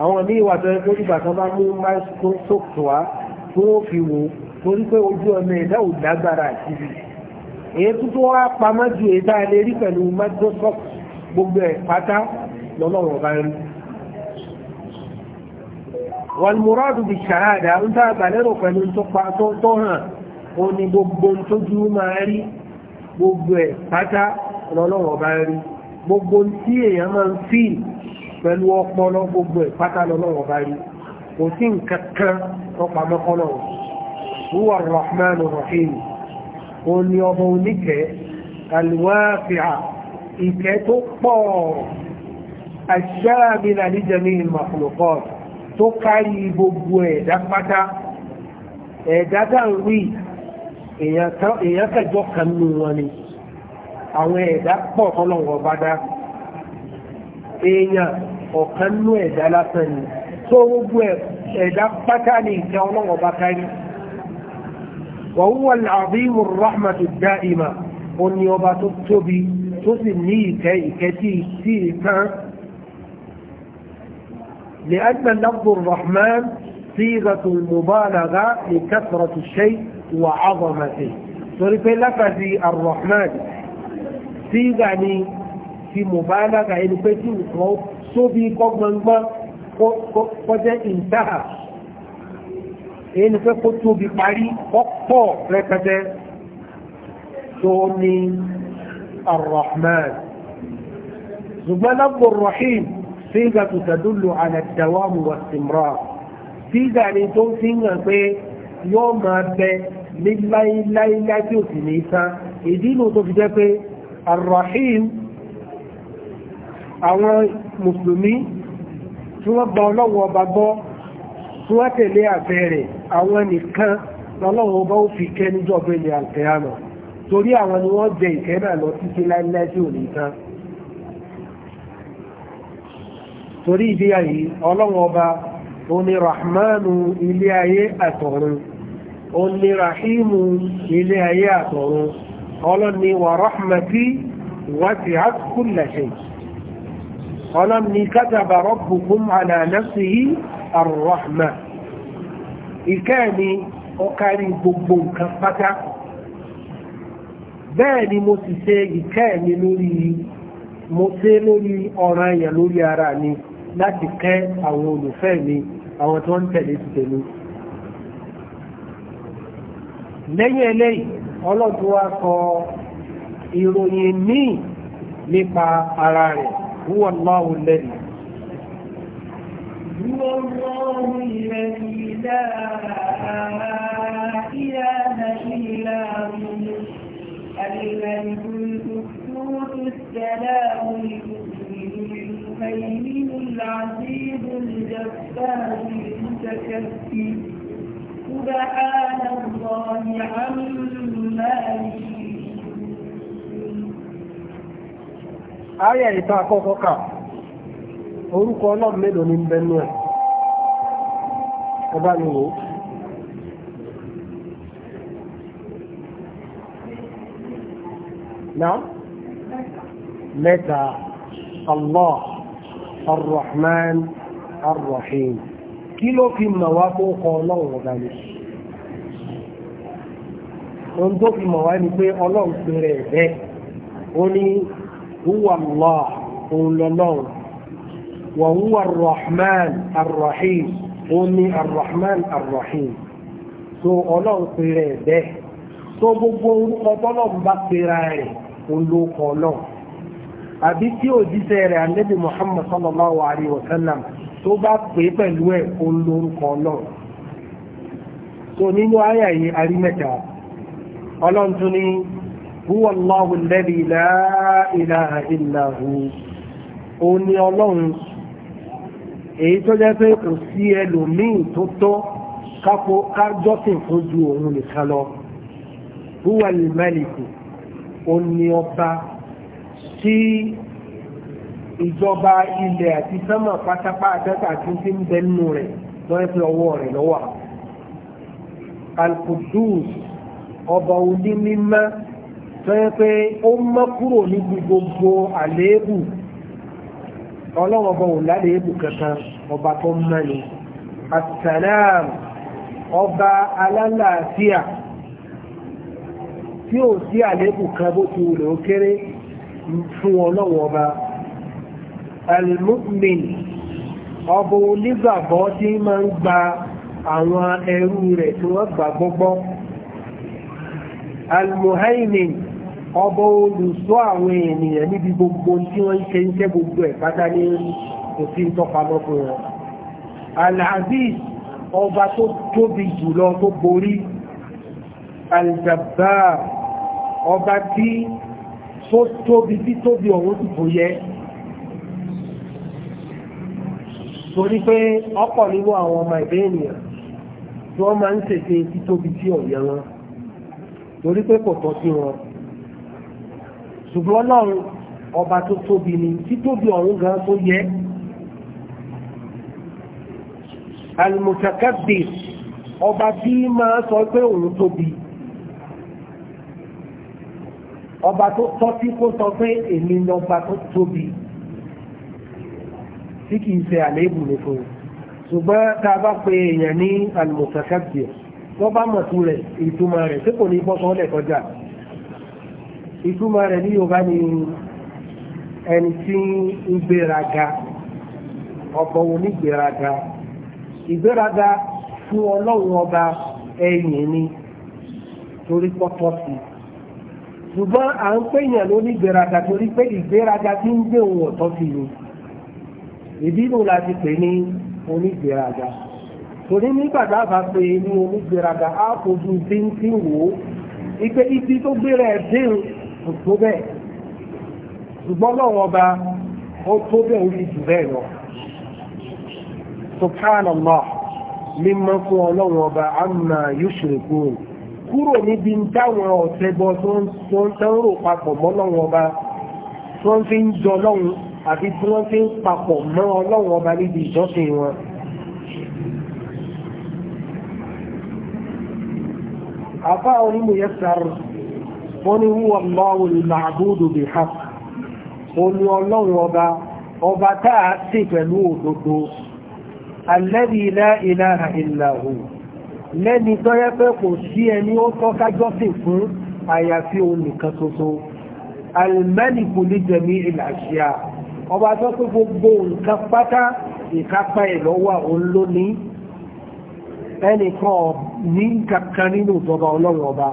àwọn ní ìwà tó yẹ kó nígbà kan bá mú microscope wá tó wọ́n fi wò torí pé ojú ọmọ ẹ̀dá ò lágbára àtìrí èyí tó tó wá pamọ́ ju èdá lè rí pẹ̀lú microscope gbogbo ẹ̀ pátá lọ́lọ́rọ̀ bá rí wọn mùrádù bí ṣàhádà ń tá àgbàlérò pẹ̀lú tó pa tó hàn ó ní gbogbo tójú máa rí gbogbo ẹ̀ pátá lọ́lọ́rọ̀ bá rí gbogbo tí èèyàn máa ń fíìlì pẹ̀lú ọpọlọ gbogbo ẹ̀ pátá lọ́wọ́ bá rí kò sí nǹkan kan ọpa mọ́kọ́lọ̀ wúwà rahman rahim ó ní ọmọ oníkẹ́ alwáfíà ìkẹ́ tó pọ̀ àṣàmìnà níjẹ̀mí ìmọ̀kùnlọ̀kọ́ tó kárí gbogbo ẹ̀dá pátá ẹ̀dá dáhùn rí kẹjọ kan wọn ni àwọn ẹ̀dá pọ̀ ọlọ́wọ́ bá dáhùn èèyàn ọ̀kan nú ẹ̀dá lásán ni tó gbogbo ẹ̀dá pátá ní ìkẹ́ ọlọ́wọ̀ bá kárí wa huwa al-azim ar-rahmatu ad-da'ima ní ọba tó tóbi tó sì ní ìkẹ́ ìkẹ́ tí tí ìtàn لأن لفظ الرحمن صيغة المبالغة لكثرة الشيء وعظمته torí pé lápàdé الرحمن صيغة ni ti mùbálágà ẹni pé tí nǹkan sóbi kọ́gbọ̀ngbọ́n kọjẹ́ ìdáhà ẹni pé kó tóbi parí ọ̀pọ̀ rẹpẹtẹ tó ní arrahman ṣùgbọ́n lábò rahim sígà tó tàdúlù àlàdáwàmù wa simra sígà ni tó ń fi hàn pé yóò máa bẹ ní láíláíláí tí ò ní sá ìdí inú tó fi jẹ́ pé arrahim àwọn mùsùlùmí tí wọ́n gba ọlọ́wọ́ ọba gbọ́ tí wọ́n tẹ̀lé àfẹ́ rẹ̀ àwọn nìkan lọ́lọ́wọ́ ọba ó fi kẹ́ níjọ́ bẹ́ẹ̀lẹ̀ àlùkẹ́yàmà torí àwọn ni wọ́n jẹ ìkẹ́ náà lọ títí láíláí tí ò ní tán torí ìdí ayé ọlọ́wọ́ ọba ó ọlọ́run ni kátàbà rabbukum ala nafsihi ar-rahma ìkẹ́ mi ó kárí gbogbo nǹkan pátá bẹ́ẹ̀ ni mo sì ṣe ìkẹ́ mi lórí mo ṣe lórí ọ̀ràn èèyàn lórí ara mi láti kẹ́ àwọn olùfẹ́ mi àwọn tó ń tẹ̀lé ti tẹ̀lé lẹ́yìn eléyìí ọlọ́dún wa kọ ìròyìn míì nípa ara rẹ̀ هو الله الذي هو الله الذي لا إله إلا هو الملك القدوس السلام المؤمن العزيز الجبار المتكفي سبحان الله عما يشركون ayé ìta àkọ́kọ́ kà orúkọ ọlọ́run mélòó ní bẹnu ẹ̀ ọba ni wò ó náà mẹ́ta allah arrahman arrahim kí ló fi mọ̀ wá kó kọ ọlọ́run ọba ni ohun tó fi mọ̀ ni pé ọlọ́run pèrè ẹ̀ bẹ́ẹ̀ ní هو الله òun lọ́lọ́run وهو huwa الرحيم rahman ar الرحيم، òun ni ar-Rahman ar-Rahim so ọlọ́run pe rẹ̀ bẹ́ẹ̀ so gbogbo orúkọ tọ́lọ́run bá pera rẹ̀ òun ló kọ náà àbí tí òjíṣẹ́ rẹ̀ ànábì Muhammad sallallahu alayhi wa sallam tó bá pè pẹ̀lú ẹ̀ òun lórúkọ náà so nínú àyà yìí arí ọlọ́run tún ní. هو الله الذي لا إله إلا هو أني الله èyí tó jẹ́ pé kò sí ẹlòmíì tó tọ́ kápò kájọ́sìn fún ju òun nìkan lọ huwa al-maliku òní ọba tí ìjọba ilẹ̀ àti sánmà pátápátá àti tí ń bẹ nínú rẹ̀ lọ́wọ́ pé ọwọ́ rẹ̀ lọ́wọ́ al-Quddus ọba onímímọ́ tó yẹ pé ó mọ́ kúrò níbi gbogbo àléébù ọlọ́run ọba ò láléébù kankan ọba tó mẹ́ni asalaam ọba alálàáfíà tí ò sí àléébù kan bó ti wùlẹ̀ ó kéré fún ọlọ́run ọba almu'min ọba onígbàgbọ́ tí máa ń gba àwọn ẹrú rẹ̀ tí wọ́n gbàgbọ́ gbọ́ almuhaimin ọba olùṣọ́ àwọn ènìyàn níbi gbogbo tí wọ́n ń ṣe ń ṣe gbogbo ẹ̀ pátá ní kò sí tọ́pamọ́ fún wọn al-aziz ọba tó tóbi jùlọ tó borí al-jabbar ọba tí tó tóbi tí tóbi ọ̀hún ti kò yẹ torí pé ọ̀pọ̀ nínú àwọn ọmọ ẹ̀bẹ́ ènìyàn tí wọ́n máa ń ṣèṣe títóbi tí ọ̀yẹ́ wọn torí pé kò tọ́ sí wọn ṣùgbọ́n ọlọ́run ọba tó tóbi ni títóbi ọ̀run gan tó yẹ al-mutakabbir ọba tí máa sọ pé òun tóbi ọba tó tọ́ sí kó sọ pé èmi ni ọba tó tóbi tí kìí ṣe àléébù ní fún un ṣùgbọ́n tá a bá pe èèyàn ní al-mutakabbir wọ́n bá mọ̀ sí rẹ̀ ìtumọ̀ rẹ̀ tí kò ní bọ́ sọ́ọ́lẹ̀ kọjá ìtumọ̀ rẹ̀ ní Yorùbá ni ẹni tí ń gbéraga ọ̀pọ̀ onígbéraga ìgbéraga fún ọlọ́run ọba ẹ̀yìn ni torí pọ́tọ́ sí ṣùgbọ́n à ń pèèyàn lónígbéraga torí pé ìgbéraga tí ń gbé ohun ọ̀tọ́ sí ni ìdílù láti pè ní onígbéraga torí nígbà tá a bá pe ní onígbéraga á fojú bíntín wò ó ipe ibi tó gbéra ẹ̀ déhùn kò tó bẹ́ẹ̀ ṣùgbọ́n lọ́wọ́ ọba ó tó bẹ́ẹ̀ ó jù bẹ́ẹ̀ lọ subhanallah mímọ́ fún ọlọ́run ọba àmà yóṣèkú kúrò níbi táwọn ọ̀tẹ́bọ tó ń tẹ́rò papọ̀ mọ́lọ́run ọba tí wọ́n fi ń jọ lọ́run àti tí wọ́n fi ń papọ̀ mọ́ ọlọ́run ọba níbi ìjọsìn wọn àfáà onímọ̀ yẹn sáré wọ́n ní huwa Allahu al-ma'budu bihaqq olú ọlọ́run ọba ọba táà sí pẹ̀lú òdodo alladhi la ilaha illa hu lẹ́ni tó yẹ pé kò sí ẹni ó tọ́ kájọ́sìn fún àyàfi òun nìkan ṣoṣo al-maliku li jami'il ashiya ọba tó pé gbogbo nǹkan pátá ìkápá ìlọ́wà òun ló ẹnìkan ní kankan nínú ìjọba ọlọ́run ọba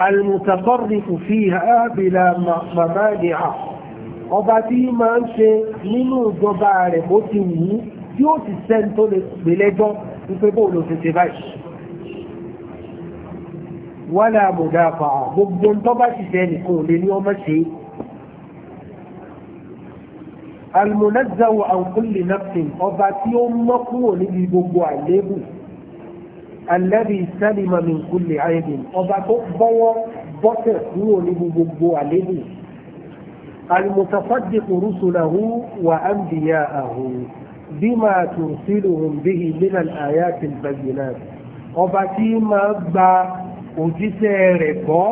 المتطرف فيها بلا ممانع ọba tí máa ń ṣe nínú ìjọba rẹ̀ bó ti wù ú tí ó ti sẹ́ni tó lè pè lẹ́jọ́ wípé bó ló ti ṣe báyìí wala mudafa gbogbo ń tọ́ba ti ṣe ẹnìkan lè ní ọmọ ṣe almunazzahu an kulli ọba tí ó mọ́ kúrò níbi gbogbo àléébù alẹ́bí sẹ́lìmọ̀ mi kú lè àìbì ọba tó bọ́wọ́ bọ́tẹ̀ kúrò ní gbogbo àlébù المتصدق رسله وأنبياءه بما ترسلهم به من الآيات البينات ọba tí máa gba òjíṣẹ́ rẹ̀ gbọ́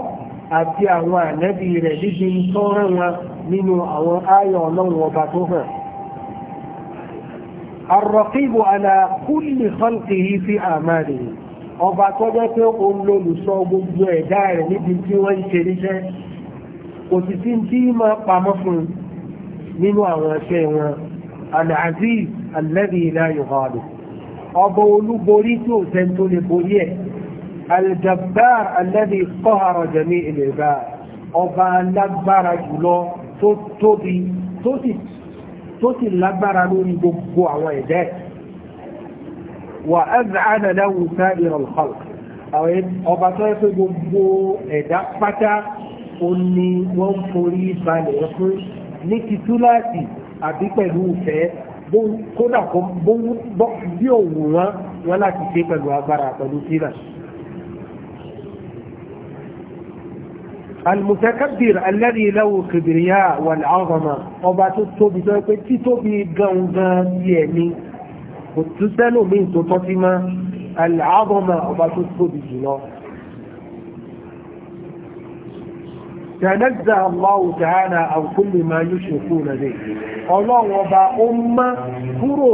àti àwọn ànábì rẹ̀ níbi tó wọn nínú àwọn ayọ̀ ọlọ́run ọba tó hàn. الرقيب على كل خلقه في أعماله ọba tó jẹ́ pé ó ń lolùsọ gbogbo ẹ̀dá rẹ̀ níbi tí wọ́n ń ṣe níṣẹ́ kò sì sí tí máa pamọ́ fún nínú àwọn ẹ̀ṣẹ̀ wọn al-aziz alladhi la yughadu ọba olúborí tí ò sẹ́ni tó lè borí ẹ̀ al-jabbar alladhi wà ẹ́zàánà láwù sáàrì ọ̀lọ́kọ̀lọ́ àwọn ọba tó yẹ pé gbogbo ẹ̀dá pátá ó ní wọ́n forí balẹ̀ fún ní ti àbí pẹ̀lú ìfẹ́ kódà bí òun wọn wọn láti ṣe pẹ̀lú agbára pẹ̀lú sílẹ̀. المتكبر الذي له كبرياء والعظمة ọba tó tóbi tó pé títóbi gangan yẹ̀ ni kò tún sẹ́lò mí tó tọ́ sí mọ́ aláàbọ̀mọ̀ ọba tó tóbi jùlọ tẹ̀lẹ́gbẹ̀ Allahu ta'ala an kulli ma yushrikuna bihi ọlọ́run ọba ó mọ́ kúrò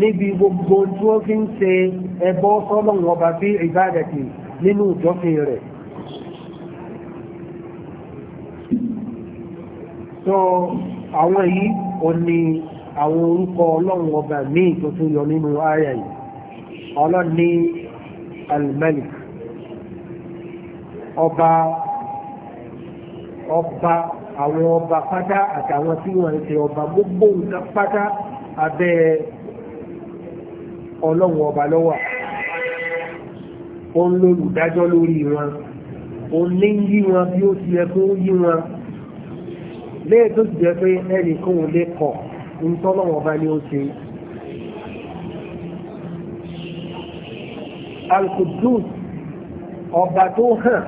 níbi gbogbo tí wọ́n fi ń ṣe ẹbọ sọ́lọ́run ọba bí ìbádàtì nínú ìjọsìn rẹ̀ so àwọn yìí ò ní àwọn orúkọ ọlọ́run ọba míì tó tún yọ nínú ààyè yìí ọlọ́run ní al-Malik ọba ọba àwọn ọba pátá àtàwọn tí wọ́n ń ṣe ọba gbogbo nǹkan pátá abẹ́ ọlọ́run ọba lọ́wọ́ ó ń lólùdájọ́ lórí wọn ó ní yí wọn bí ó ti yẹ yí wọn léè jẹ́ pé ẹnìkan ò lè kọ̀ ntọ́lọ́wọ́ bá ní ó ṣe. alkudus ọba tó hàn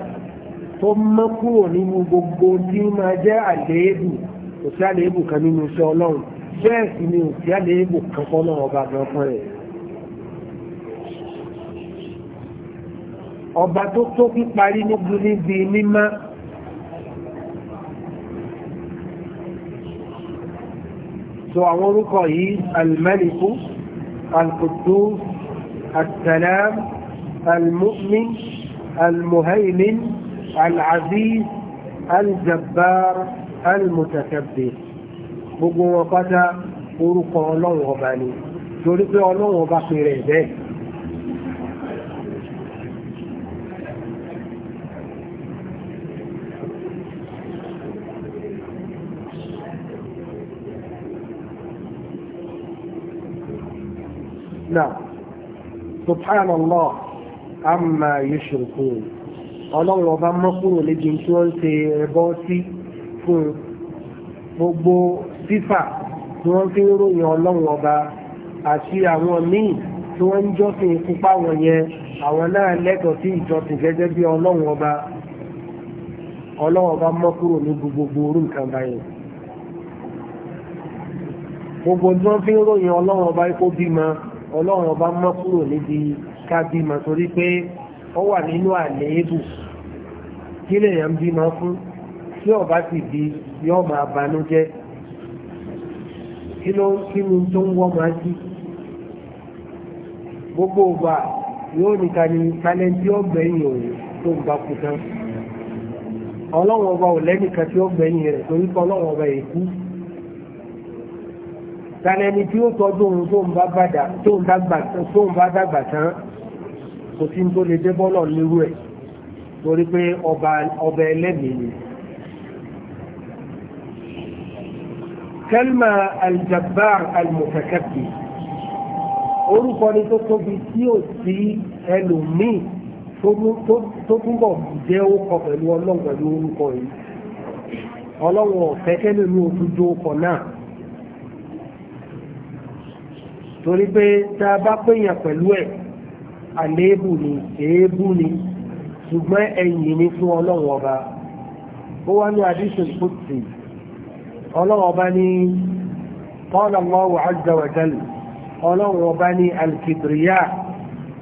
tó mọ́ kúrò nínú gbogbo tí máa jẹ́ àléébù kò sí àléébù kan nínú iṣẹ́ ọlọ́run bẹ́ẹ̀ sì ni òsì àléébù kan fọ́nà ọba gan fún rẹ̀. ọba tó tó fi parí níbi níbi mímá. so àwọn orúkọ yìí almaliku alkudus السلام المؤمن المهيمن العزيز الجبار المتكبر gbogbo wọn pátá orúkọ ọlọ́run ọba ni torí pé ọlọ́run ọba pèrè bẹ́ẹ̀ náà subhanallah amma yushrikun ọlọ́run ọba mọ́kúrò lébi tí wọ́n ń ṣe ẹbọ sí fún gbogbo sífà tí wọ́n fi ń ròyìn ọlọ́run ọba àti àwọn míì tí wọ́n ń jọ́sìn fúnpá wọn yẹn àwọn náà lẹ́tọ̀ọ́ sí ìjọsìn gẹ́gẹ́ bí ọlọ́run ọba ọlọ́run ọba mọ́kúrò ní gbogbo orú nǹkan báyìí gbogbo tí wọ́n fi ń ròyìn ọlọ́run ọba ikó bímọ ọlọ́run ọba mọ́ kúrò níbi ká bímọ torí pé ó wà nínú àléébù kí lèèyàn ń bímọ fún tí ọba sì bí yóò máa banújẹ́ kí ló kí ni tó ń wọ́ máa jí gbogbo ọgbà yóò nìkan ni tálẹ́ntì ọgbẹ̀yìn òun tó ń bá kú tán ọlọ́run ọba ò lẹ́nìkan tí ọgbẹ̀yìn rẹ̀ torí pé ọlọ́run ọba èkú tani ẹni tí ó tọ́jú ohun tó ń bá dàgbà tán kò tí ń tó lè débọ́lọ̀ nírú ẹ̀ torí pé ọba ẹlẹ́mìí ni kẹlma aljabbar almutakabbir orúkọ ni tó tóbi tí ò sí ẹlòmíì tó túbọ̀ jẹ́ ókọ pẹ̀lú ọlọ́run pẹ̀lú orúkọ yìí ọlọ́run ọ̀fẹ́ kẹ́lòmíì ò tún jó náà torí pé tá a bá péyàn pẹ̀lú ẹ̀ àléébù ni èébù ni ṣùgbọ́n ẹ̀yìn ni fún ọlọ́run ọba ó wá ní àdíṣe ìpòtì ọlọ́run ọba ní qala Allahu azza ọlọ́run ọba ní alkibriya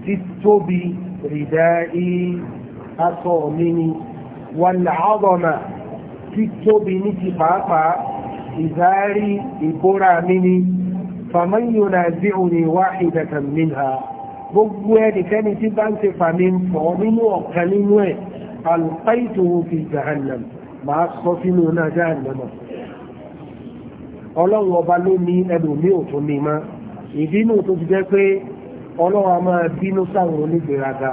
tí tóbi rìdáì aṣọ mi ni wàlàọ́dọ̀mà tí tóbi ní ti pàápàá ìzárí ìbóra mi ni fàmán yóò náà zí òní wá ìdàkàn minha gbogbo ẹnikẹ́ni tí bá ń ṣe fàmí ń fọ́ nínú ọ̀kan nínú ẹ̀ alqaituhu fi jahannam máa sọ sínú náà jahannam ọlọ́run ọba ló ní ẹlòmí ò tún ní mọ́ ìbínú tó ti jẹ́ pé ọlọ́run a máa bínú sáwọn onígbèraga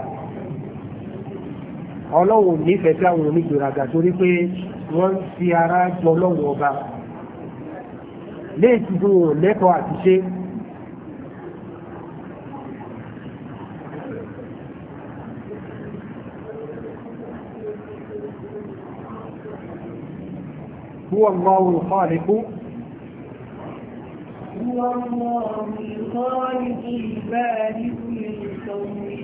ọlọ́run nífẹ̀ẹ́ sáwọn onígbèraga torí pé wọ́n ń ara jọ ọlọ́run ọba léèkì tó lẹ́tọ̀ọ́ àti ṣe هو الله الخالق هو الله الخالق البارئ المستوي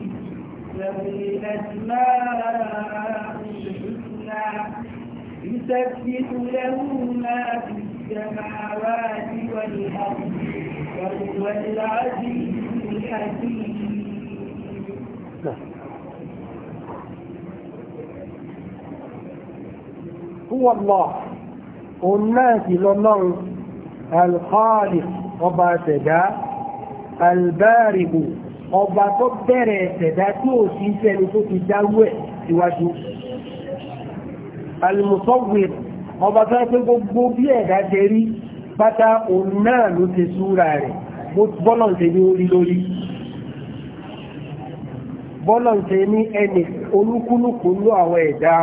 له الأسماء الحسنى يسبح له ما في السماوات والأرض وهو العزيز الحكيم هو الله الناس لله الخالق وباتدا البارئ ọba tó bẹ̀rẹ̀ ẹ̀sẹ̀dá tí ó sí ìṣẹ́lú tó ti dáwẹ̀ síwájú. Al-Musawwir ọba tó pé gbogbo bí ẹ̀dá ṣe rí pátá òun náà ló ti súra rẹ̀ bọ́lọ̀ ṣe ní orí lórí bọ́lọ̀ ṣe ní ẹni olúkúlùkù ló àwọn ẹ̀dá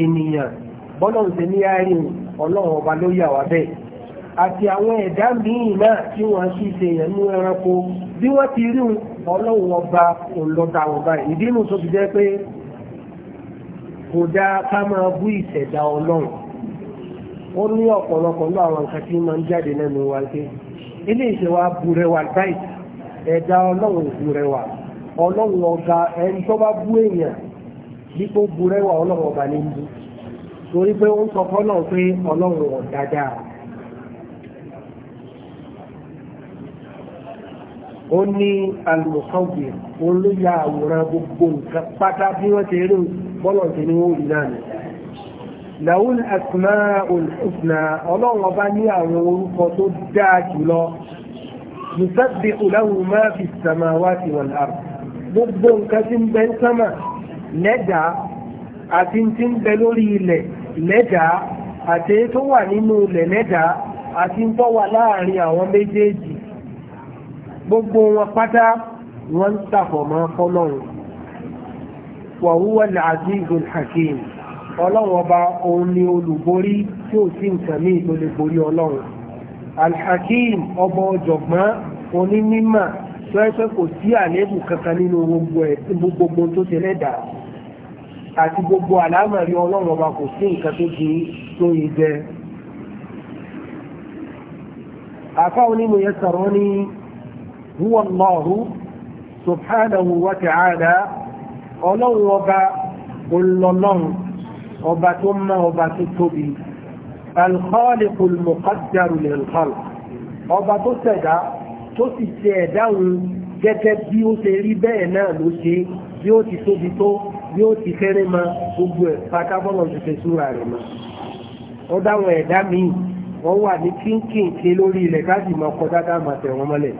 ènìyàn bọ́lọ̀ ṣe ní àárín ọlọ́run ọba ló yà wá bẹ́ẹ̀ àti àwọn ẹ̀dá míì náà tí wọ́n sì ṣe ní ẹranko bí wọ́n ti rí ọlọ́run ọba òǹlọ́ta ọba ìdínú tó fi jẹ́ pé kò dáa ká máa bú ìṣẹ̀dá ọlọ́run ó ní ọ̀pọ̀lọpọ̀ ní àwọn nǹkan tí máa ń jáde lẹ́nu wa pé ilé ìṣèwà bu rẹwà báyìí ẹ̀dá bu rẹwà ọlọ́run ọ̀gá ẹni tó bá bú èèyàn dípò bu rẹwà ọlọ́run ọ̀gá ní bú torí pé ó ń sọ fọ́nà pé ọlọ́run ó ní alùpùpù àwòrán gbogbo nǹkan pátá bí làwọn àtúmọ̀ òṣùnà ọlọ́run ọba ní àwọn orúkọ tó dáa jùlọ nùsàbí ọlọ́run máa fi sàmà wá sí wọn àrùn gbogbo nǹkan tí ń bẹ ń sánmà lẹ́dàá àti tí ń bẹ lórí ilẹ̀ lẹ́dàá àti tó wà nínú ilẹ̀ lẹ́dàá àti tó wà láàrin àwọn méjèèjì gbogbo wọn pátá wọn ń tàfọ̀ mọ́ fọ́lọ́run wàhúwà al-azizul ọlọ́run ọba òun ni olùborí tí ò sí nǹkan ní ìlú borí ọlọ́run alhakim ọba ọ̀jọ̀gbọ́n onímímà tó ẹ pé kò sí àléébù kankan nínú gbogbo tó ṣe lẹ́dàá àti gbogbo àlámọ̀rí ọlọ́run ọba kò sí nǹkan tó tó jẹ ọba tó mọ́ ọba tó tóbi alkhaliqul muqaddaru lil khalq ọba tó ṣẹ̀dá tó sì ṣe ẹ̀dá òun gẹ́gẹ́ bí ó ṣe rí bẹ́ẹ̀ náà ló ṣe bí ó ti tóbi tó bí ó ti fẹ́rẹ́ ma gbogbo ẹ̀ pátábọ́lọ̀ ti fẹ́ súra rẹ̀ ma ó dáwọn ẹ̀dá míì wọ́n wà ní kínkìnké lórí ilẹ̀ káàdì máa kọ dáadáa máa mọ́lẹ̀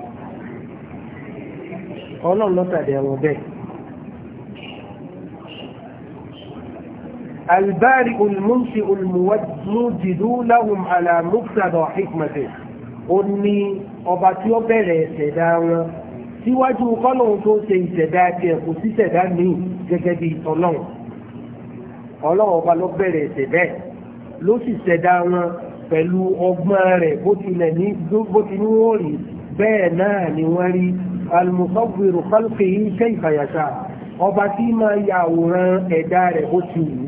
ọlọ́run lọ́tàdé ẹ̀wọ̀n bẹ́ẹ̀ البارئ المنشئ الموجد لهم على مقتضى حكمته ó ní ọba tí ó bẹ̀rẹ̀ ìṣẹ̀dá wọn síwájú kọ́lọ́hún tó ṣe ìṣẹ̀dá tiẹ̀ kò sí ìṣẹ̀dá míì gẹ́gẹ́ bí ìtọ́lọ́hún ọlọ́run ọba ló bẹ̀rẹ̀ ìṣẹ̀dá ẹ̀ ló sì ṣẹ̀dá wọn pẹ̀lú ọgbọ́n rẹ̀ bó ti ní wọ́n rí bẹ́ẹ̀ náà ni wọ́n rí al-musawwiru khalqihi kayfa yasha ọba tí máa ya àwòrán ẹ̀dá rẹ̀ bó ti wù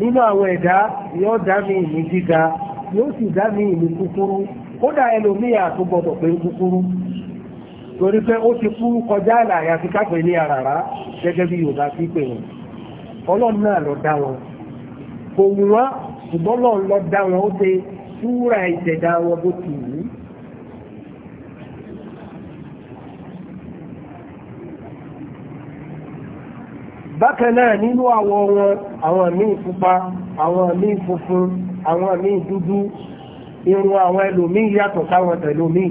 nínú àwọn ẹ̀dá yóò dá mi ìní gíga yóò sì dá mi ìní kúkúrú kódà ẹlòmíì tó gbọdọ̀ pé kúkúrú torí pé ó ti kú kọjá àlà àyàfi kápẹ́ ní àràrá gẹ́gẹ́ bí Yorùbá sí pé wọn ọlọ́run náà lọ dá wọn bákan náà nínú àwọ̀ wọn àwọn míì pupa àwọn míì funfun àwọn míì dúdú irun àwọn ẹlòmíì yàtọ̀ sáwọn tẹ̀lòmíì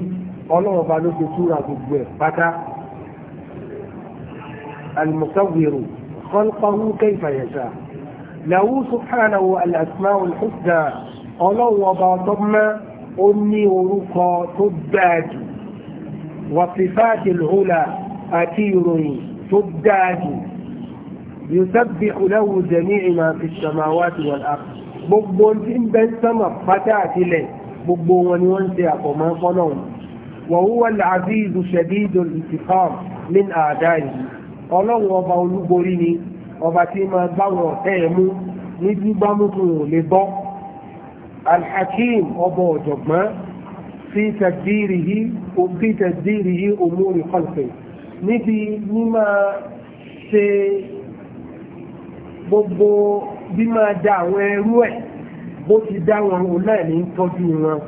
ọlọ́run ba ló ṣe túra gbogbo ẹ̀ pátá المصور خلقه كيف يشاء له سبحانه الأسماء الحسنى يسبح له جميع ما في السماوات والأرض gbogbo tí ń bẹ sánmà pátá àti ilẹ̀ gbogbo wọn ni wọ́n ń ṣe àpọ̀mọ́ fọ́lọ́run wàhúwà làbíìlú ṣẹ̀díìdò ìtìkọ́m ní àdá yìí ọlọ́run ọba olúborí ni ọba tí máa báwọn ọ̀tẹ́ ẹ̀ mú ní gbígbámú fún òun lè bọ́ alhakim ọba ọ̀jọ̀gbọ́n fi tẹ̀dírì yìí òmúrin kọ́lùfẹ̀ níbi mímọ́ ṣe gbogbo bí máa da àwọn ẹrú ẹ̀ bó ti dá wọn òun náà ní tọ́jú wọn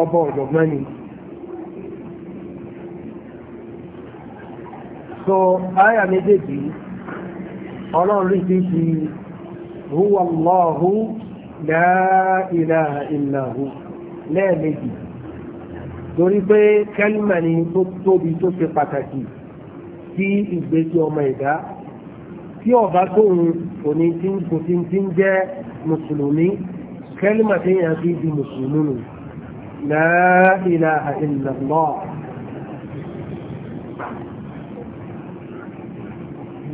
ọba ọ̀jọ̀gbọ́n ni so àyà méjèèjì ọlọ́run rí ti fi huwa Allahu la ilaha illa hu lẹ́ẹ̀mejì torí pé kẹ́lìmà ni tó tóbi tó ṣe pàtàkì sí ìgbésí ọmọ ẹ̀dá tí ọba tóun òní tí ń kò tí ń tí ń jẹ́ mùsùlùmí kẹ́lìmà tí yàn fi di mùsùlùmí nù la ilaha illallah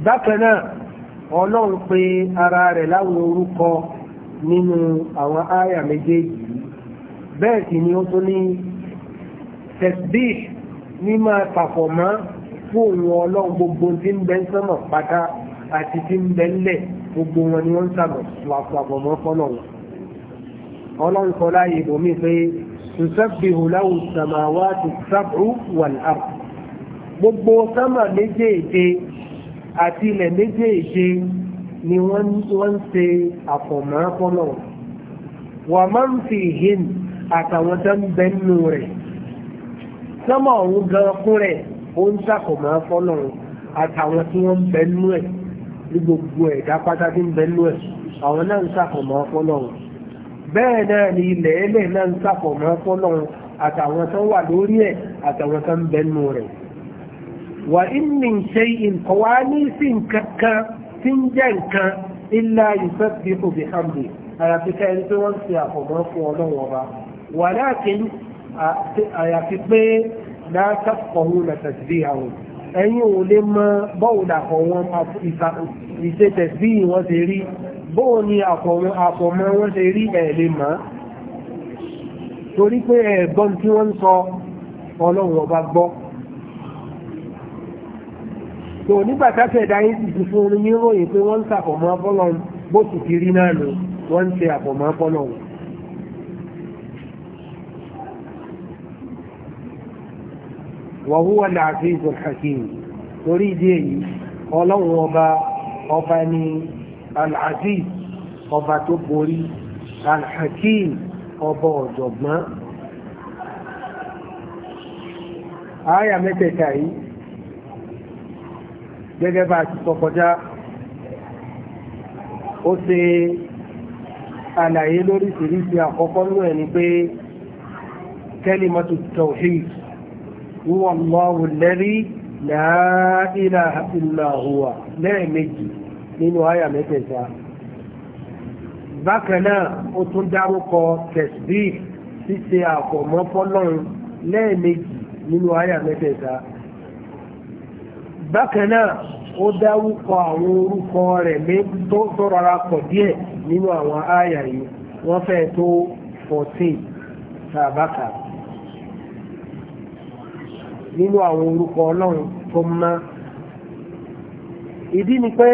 bákan náà ọlọ́run pé ara rẹ̀ láwọn orúkọ nínú àwọn áyà méjèèjì bẹ́ẹ̀ sì ni ó tún ní tẹ̀sbíì ní máa pàfọ̀ mọ́ fún òun ọlọ́run gbogbo tí ń bẹ ń sánmọ̀ pátá àti tí ń bẹ ńlẹ̀ gbogbo wọn ni wọ́n ń sàmọ̀ wàpàpọ̀ mọ́ fọ́nà wọn. ọlọ́run kọ láàyè ìbòmí pé tùsẹ́bìhù láwù sàmàwá ti sábù wà láàbù. gbogbo sánmà méjèèje àti ilẹ̀ méjèèje ni wọ́n ń ṣe àfọ̀mọ́ fọ́nà wọn. wà máa ń fi ìhìn àtàwọn tó ń bẹ nínú rẹ̀ sánmà ọ̀hún gan kún rẹ̀ ó ń sàkọ̀mọ́ fọ́lọ́run àtàwọn tí wọ́n ń bẹ nú ẹ̀ ní gbogbo ẹ̀dá pátá tí ń bẹ nú ẹ̀ àwọn náà ń sàkọ̀mọ́ fọ́lọ́run bẹ́ẹ̀ náà ni ilẹ̀ ẹlẹ̀ náà ń sàkọ̀mọ́ fọ́lọ́run àtàwọn tó wà lórí ẹ̀ àtàwọn tó ń bẹ nú rẹ̀ wà ní ṣe nǹkan ní sí nǹkan tí ń jẹ́ nǹkan ilá ìfẹ́ bí kò fi hàn mí àyàfi ká ẹni pé wọ́n ń àkọ̀mọ́ fún ọlọ́run ọba wà láàkín àyàfi pé لا تفقهون تسبيحهم ẹ̀yin ò lè mọ bọ́ọ̀dà àkọ̀wọ́n ìṣe tẹ̀sbíhì wọ́n ti rí bóò ni àkọ̀mọ́ wọ́n ti rí ẹ̀ lè mọ́ torí pé ẹ̀gbọ́n tí wọ́n ń sọ ọlọ́run ọba gbọ́ tó وهو العزيز الحكيم تريد أي ولو أبا أباني العزيز أبا تبوري الحكيم أبا جبنا آية متى تاي gẹ́gẹ́ bá ti sọ kọjá ó ṣe àlàyé lóríṣìíríṣìí àkọ́kọ́ ní ẹni pé kalimatu tawhid هو الله الذي لا إله إلا هو لا مجي من هيا متسا بكنا أتندرق تسبيح سيسياق ومفلون لا مجي من هيا متسا بكنا أدوق عمورك ورمي تنصر على قدية من هو آية وفتو 14 فبكنا nínú àwọn orúkọ ọlọ́run tó mọ́ ìdí ni pé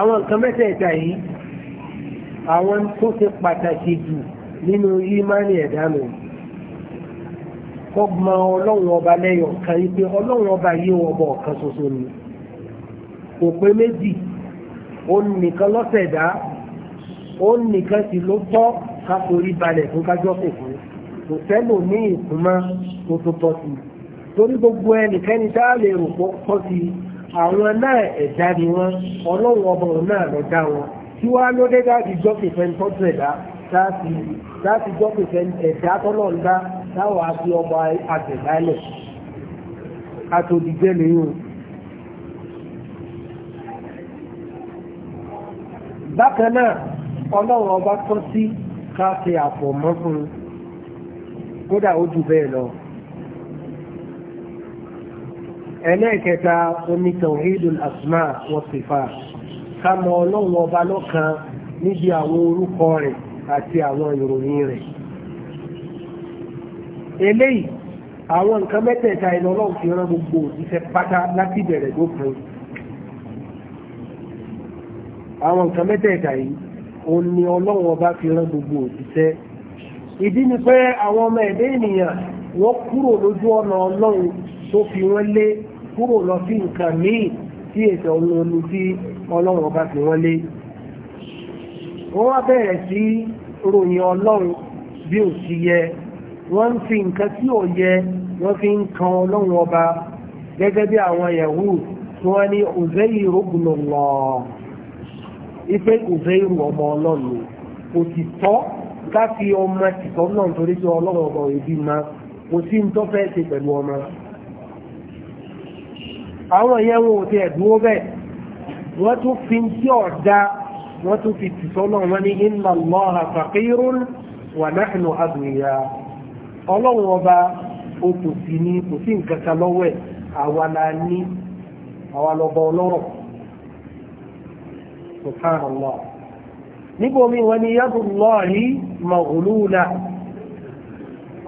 àwọn nǹkan mẹ́tẹ̀ẹ̀ta yìí àwọn tó ṣe pàtàkì jù nínú ìmánì ẹ̀dá nù kọ́gbọ́n ọlọ́run ọba lẹ́yọ̀ kan yìí pé ọlọ́run ọba yìí ọba ọ̀kan ṣoṣo ni kò pé méjì òun nìkan lọ́sẹ̀dá òun nìkan sì ló tọ́ ká forí balẹ̀ fún kájọ́ fòfin kò sẹ́lò ní ìkúnmá tó tó tọ́ sí torí gbogbo ẹnikẹ́ni tá a lè rò pọ́ sí àwọn náà ẹ̀dá ni wọ́n ọlọ́run ọba òun náà lọ dá wọn tí wàá ló dé dáàbì jọ́pẹ̀ fẹ́ tọ́jú ẹ̀dá láti jọ́pẹ̀ fẹ́ ẹ̀dá tọ́lọ̀ ńlá táwọn àti ọba àtẹ̀dálẹ̀ àtòdìjẹ́ lèyìn o. bákan náà ọlọ́run ọba tọ́ sí ká ṣe àfọ̀mọ́ fún un kódà ó jù bẹ́ẹ̀ lọ ẹlẹ́ẹ̀kẹta omi tawhidul asma wa sifat ká mọ ọlọ́run ọba lọ́kan níbi àwọn orúkọ rẹ̀ àti àwọn ìròyìn rẹ̀ eléyìí àwọn nǹkan mẹ́tẹ̀ẹ̀ta iná ọlọ́run fi rán gbogbo òṣìṣẹ́ pátá láti bẹ̀rẹ̀ dópin àwọn nǹkan mẹ́tẹ̀ẹ̀ta yìí òun ni ọlọ́run ọba fi rán gbogbo òṣìṣẹ́ ìdí ni pé àwọn ọmọ ẹ̀dẹ́ ènìyàn wọ́n kúrò lójú ọ̀nà ọlọ́run tó fi wọ́n lé kúrò lọ sí nǹkan míì tí ètò olóòlù tí ọlọ́run ọba fi wọ́n lé wọ́n wá bẹ̀rẹ̀ sí ròyìn ọlọ́run bí ò sí yẹ wọ́n fi nǹkan tí ò yẹ wọ́n fi ń kan ọlọ́run ọba gẹ́gẹ́ bí àwọn Yahud tí wọ́n ní òzẹ́yì rógùnà lọ ipe òzẹ́yì ọmọ ọlọ́run kò sì tọ́ ká fi ọmọ tìtọ́ náà torí pé ọlọ́run ọmọ ìbí ma kò sí ní tó fẹ́ ṣe pẹ̀lú ọmọ àwọn ìyẹn wọn ò tẹ ẹ̀dúró bẹ́ẹ̀ wọ́n tún fi ń tí ọ̀dá wọ́n tún fi tìtọ́ náà wọ́n ní inna Allaha faqirun wa nahnu aghniya ọlọ́run ọba o kò sí ní kò sí nǹkan kan lọ́wọ́ ẹ̀ àwa la ní àwa lọ́ba ọlọ́rọ̀ subhanallah níbomi wọn ni yadullahi maghlula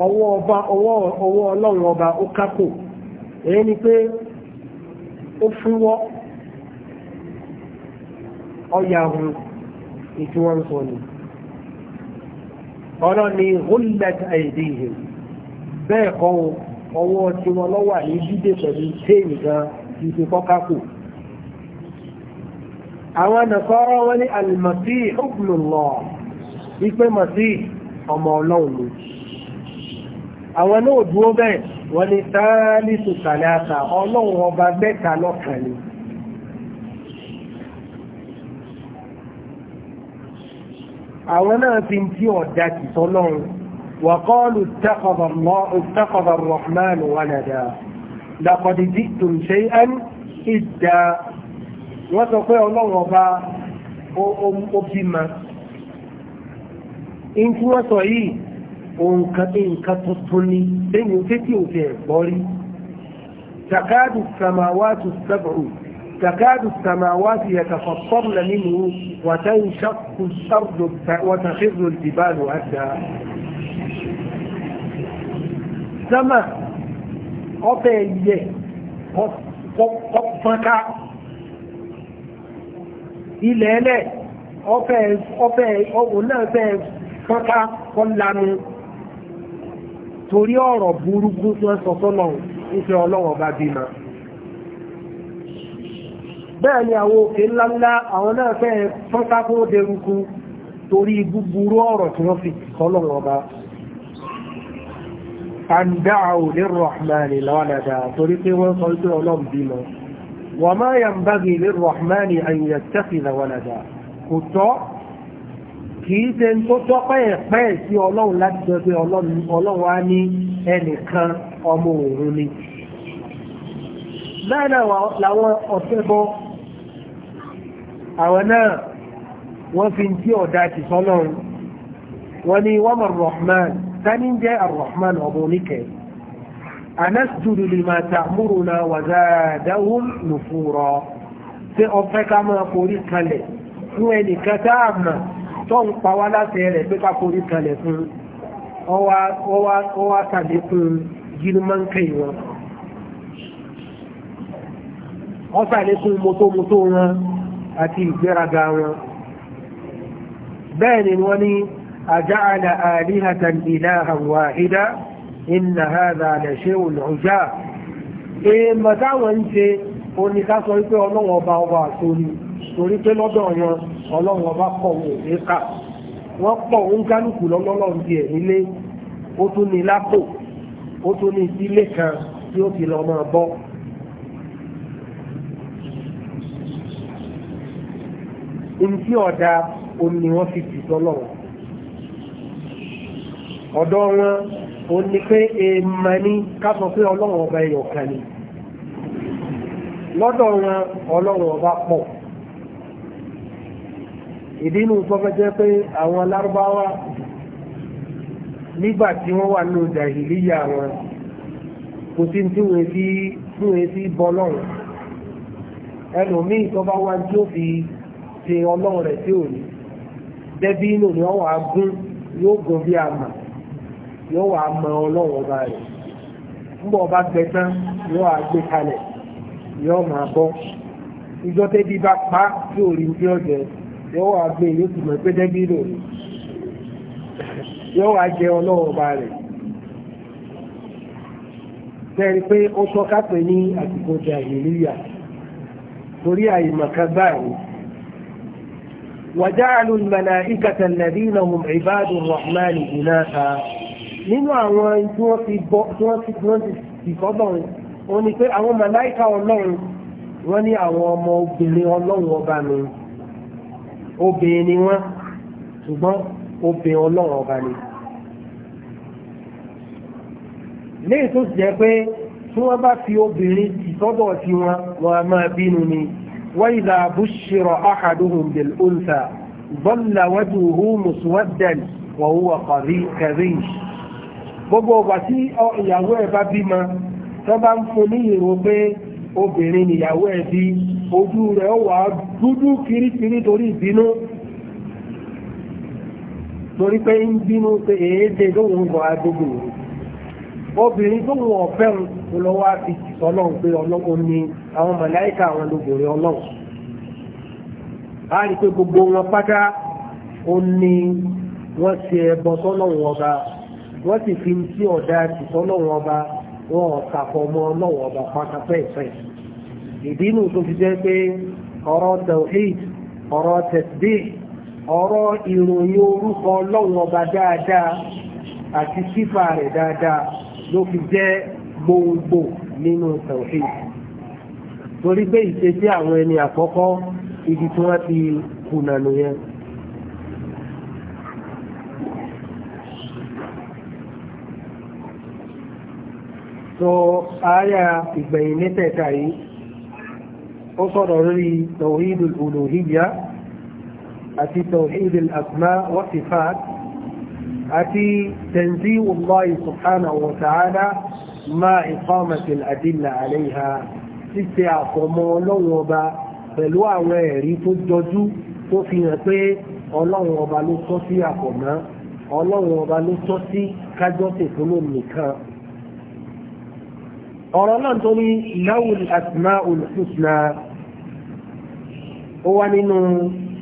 ọwọ́ ọba ọwọ́ ọwọ́ ọlọ́run ọba ó kákò èyí ni pé ó fúnwọ́ ni ọ̀nà ni hullet aidihim bẹ́ẹ̀ kọ́ ọwọ́ tí wọ́n lọ́wà ní dídé pẹ̀lú téèmì gan àwọn nàfọ́rọ́ wọ́n ní alìmọ̀sí ìhùkùnlọ́ wípé mọ̀sí ọmọ ọlọ́run ló àwọn náà dúró bẹ́ẹ̀ wọ́n ní sáálì sùsàlẹ̀ àtà ọlọ́run ọba mẹ́ta lọ́kàn ni àwọn náà fi ń tí ọ̀dà tìtọ́lọ́run وقالوا اتخذ الله اتخذ wọ́n sọ pé ọlọ́run ọba ó bímọ nkú wọ́n sọ yìí òǹkà nǹkan tuntun ni lẹ́yìn òtẹ́tì òfin ẹ̀gbọ́ rí takadu samawatu sab'u takadu samawatu yatafattarna minhu wa tanshaqqu al-ardu wa takhirru al-jibalu hadda sama ọbẹ̀ yẹ kọ́pọ́nká ilẹ̀ ẹlẹ̀ ọ̀fẹ́ náà fẹ́ fọ́nká kọ́ lanu torí ọ̀rọ̀ burúkú tí wọ́n sọ sọ́nà ìfẹ́ ọlọ́wọ̀ bá bí ma bẹ́ẹ̀ ni àwọn òkè ńláńlá àwọn náà fẹ́ fọ́nká kó derúkú torí búburú ọ̀rọ̀ tí wọ́n fi sọ́lọ́wọ̀ bá àǹdáà ò lérò àmàlè lọ́wọ́dàdà torí pé wọ́n sọ pé ọlọ́run bímọ وما ينبغي للرحمن أن يتخذ ولدا kò tọ́ kìí ṣe tó tọ́ pẹ́ẹ̀pẹ́ sí ọlọ́run láti jọ pé ọlọ́run á ní ẹnìkan ọmọ òun ni bẹ́ẹ̀ náà làwọn ọ̀ṣẹbọ àwọn náà wọ́n fi ń tí ọ̀dà ti sọ́lọ́run wọ́n ní wọ́n mọ̀ rọ̀hman tání jẹ́ àrọ̀hman ọmọ oníkẹ̀ẹ́ anasjudu lima ta'muruna wa zadahum nufura ṣé ọ̀fẹ́ ká máa forí kalẹ̀ fún ẹnìkan tá a mọ̀ tó ń pa wá láti rẹ̀ pé ká forí kalẹ̀ fún ọwá tàbí fún girman wọn wọ́n sàlẹ̀ fún mọ́tòmọ́tò wọn àti ìgbéraga wọn bẹ́ẹ̀ ni wọ́n ní àjáàlà àríhàtàn ìlàhàn wàhídá inna hadha la shay'un ujab èèmọ̀ táwọn ń ṣe oní ká sọ wípé ọlọ́run ọba ọba àtòrí torí pé lọ́dọ̀ yan ọlọ́run ọba pọ̀ wò ní ká wọ́n pọ̀ ń kálukú lọ́lọ́run di ẹ̀ nílé ó tún ní lápò ó tún ní sílé kan tí ó ti lọ máa bọ́. ntí ọ̀dà òní wọ́n fi tì sọ́lọ́run ọ̀dọ́ wọn ó ní pé èèmà ní ká sọ pé ọlọ́run ọba ẹyọ kan ni lọ́dọ̀ wọn ọlọ́run ọba pọ̀ ìdí inú sọfẹ́ jẹ́ pé àwọn lárúbáwá nígbà tí wọ́n wà nínú jàhìlíyà wọn kò sí tí wọ́n fi wọ́n fi bọ́ lọ́run ẹlòmíì tó bá wá tí ó fi ṣe ọlọ́run rẹ̀ tí ò ní dẹ́bí inú ni wọ́n wà á gún yóò gún bí a mọ̀ yóò wà mọ ọlọ́run ọba rẹ̀ ńgbọ́ ọba gbẹ tán yóò wà gbé kalẹ̀ yóò máa bọ́ ìjọ tẹ́bí bá pa tí ò rí ní ọ̀jẹ̀ yóò wà gbé e, yóò sì mọ̀ pé tẹ́bí lò yóò wà jẹ ọlọ́run ọba rẹ̀ tẹ́rí pé ó tọ́ka pé ní àsìkò jàhìlíyà torí àìmọ̀kan báyìí وجعلوا الملائكة الذين هم عباد الرحمن إناثا nínú àwọn tí wọ́n ti bọ́ tí wọ́n ti wọ́n ti dìkọ́ lọ́run wọ́n ní pé àwọn màláìka ọlọ́run wọ́n ní àwọn ọmọ obìnrin ọlọ́run ọba ni obìnrin ni wọ́n ṣùgbọ́n obìnrin ọlọ́run ọba ni. léyìí tó jẹ́ pé tí wọ́n bá fi obìnrin tìtọ́bọ̀ sí wọn wọn a máa bínú ni wọ́n ìlà àbúṣirọ̀ ahaduhum bil unsa ظل وجهه مسودا وهو كريش gbogbo ọgbà tí ìyàwó ẹ̀ bá bímọ tó bá ń fún ní ìrò pé obìnrin nìyàwó ẹ̀ bí ojú rẹ̀ ó wà dúdú kirikiri torí ìbínú torí pé ń bínú pé èédè lóhun gan agbègbè obìnrin tó wọn ọ̀fẹ́ lọ́wọ́ á fi jìsọ́ ọlọ́run pé ọlọ́run ni àwọn màláìka àwọn lóbìnrin ọlọ́run a rí pé gbogbo wọn pátá ó ní wọ́n ṣe ẹbọ sọ́lọ́run ọba wọ́n sì fi ń tí ọ̀dà tìtọ́ lọ́wọ́ ọba wọn ọ̀kàpọ̀ mọ́ lọ́wọ́ ọba pátápẹ́ẹ̀pẹ́ ìdí inú tó fi jẹ́ pé ọ̀rọ̀ tawhid ọ̀rọ̀ tasbih ọ̀rọ̀ ìròyìn orúkọ lọ́wọ́ ọba dáadáa àti sífà rẹ̀ dáadáa ló fi jẹ́ gbòǹgbò nínú tawhid torí pé ìṣesí àwọn ẹni àkọ́kọ́ ibi tí wọ́n ti kùnà nìyẹn. so àyà ìgbẹ̀yìn mẹ́tẹ̀ẹ̀ta yìí ó sọ̀rọ̀ lórí tawhidul uluhiyya àti tawhidul asma wa sifat àti tanzihu Allahi subhanahu wa ta'ala ma iqamati al-adilla alayha ṣíṣe àfọ̀mọ́ ọlọ́run ọba pẹ̀lú àwọn ẹ̀rí tó jọjú tó fi hàn pé ọlọ́run ọba ló tọ́ sí àfọ̀mọ́ ọlọ́run lónìí kan ọ̀rọ̀ náà tó ní lawul asmaul husna ó wá nínú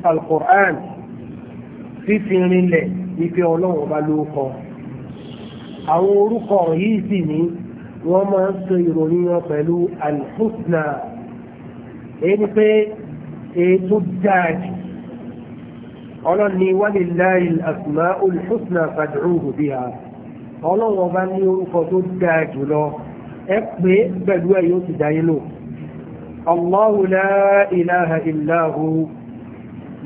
alqur'an fífi rinlẹ̀ ife ọlọ́run ọba ló kọ àwọn orúkọ yìí sì ní wọ́n máa ń sọ ìròyìn wọn pẹ̀lú alhusna èyí pé ètò dáàjì ọlọ́ni walillahi al-asma'ul husna fad'uhu biha ọlọ́run ọba ní orúkọ tó dáa jùlọ ẹ pé pẹ̀lú ẹ̀ yóò ti dáyé lò Allahu la ilaha illa hu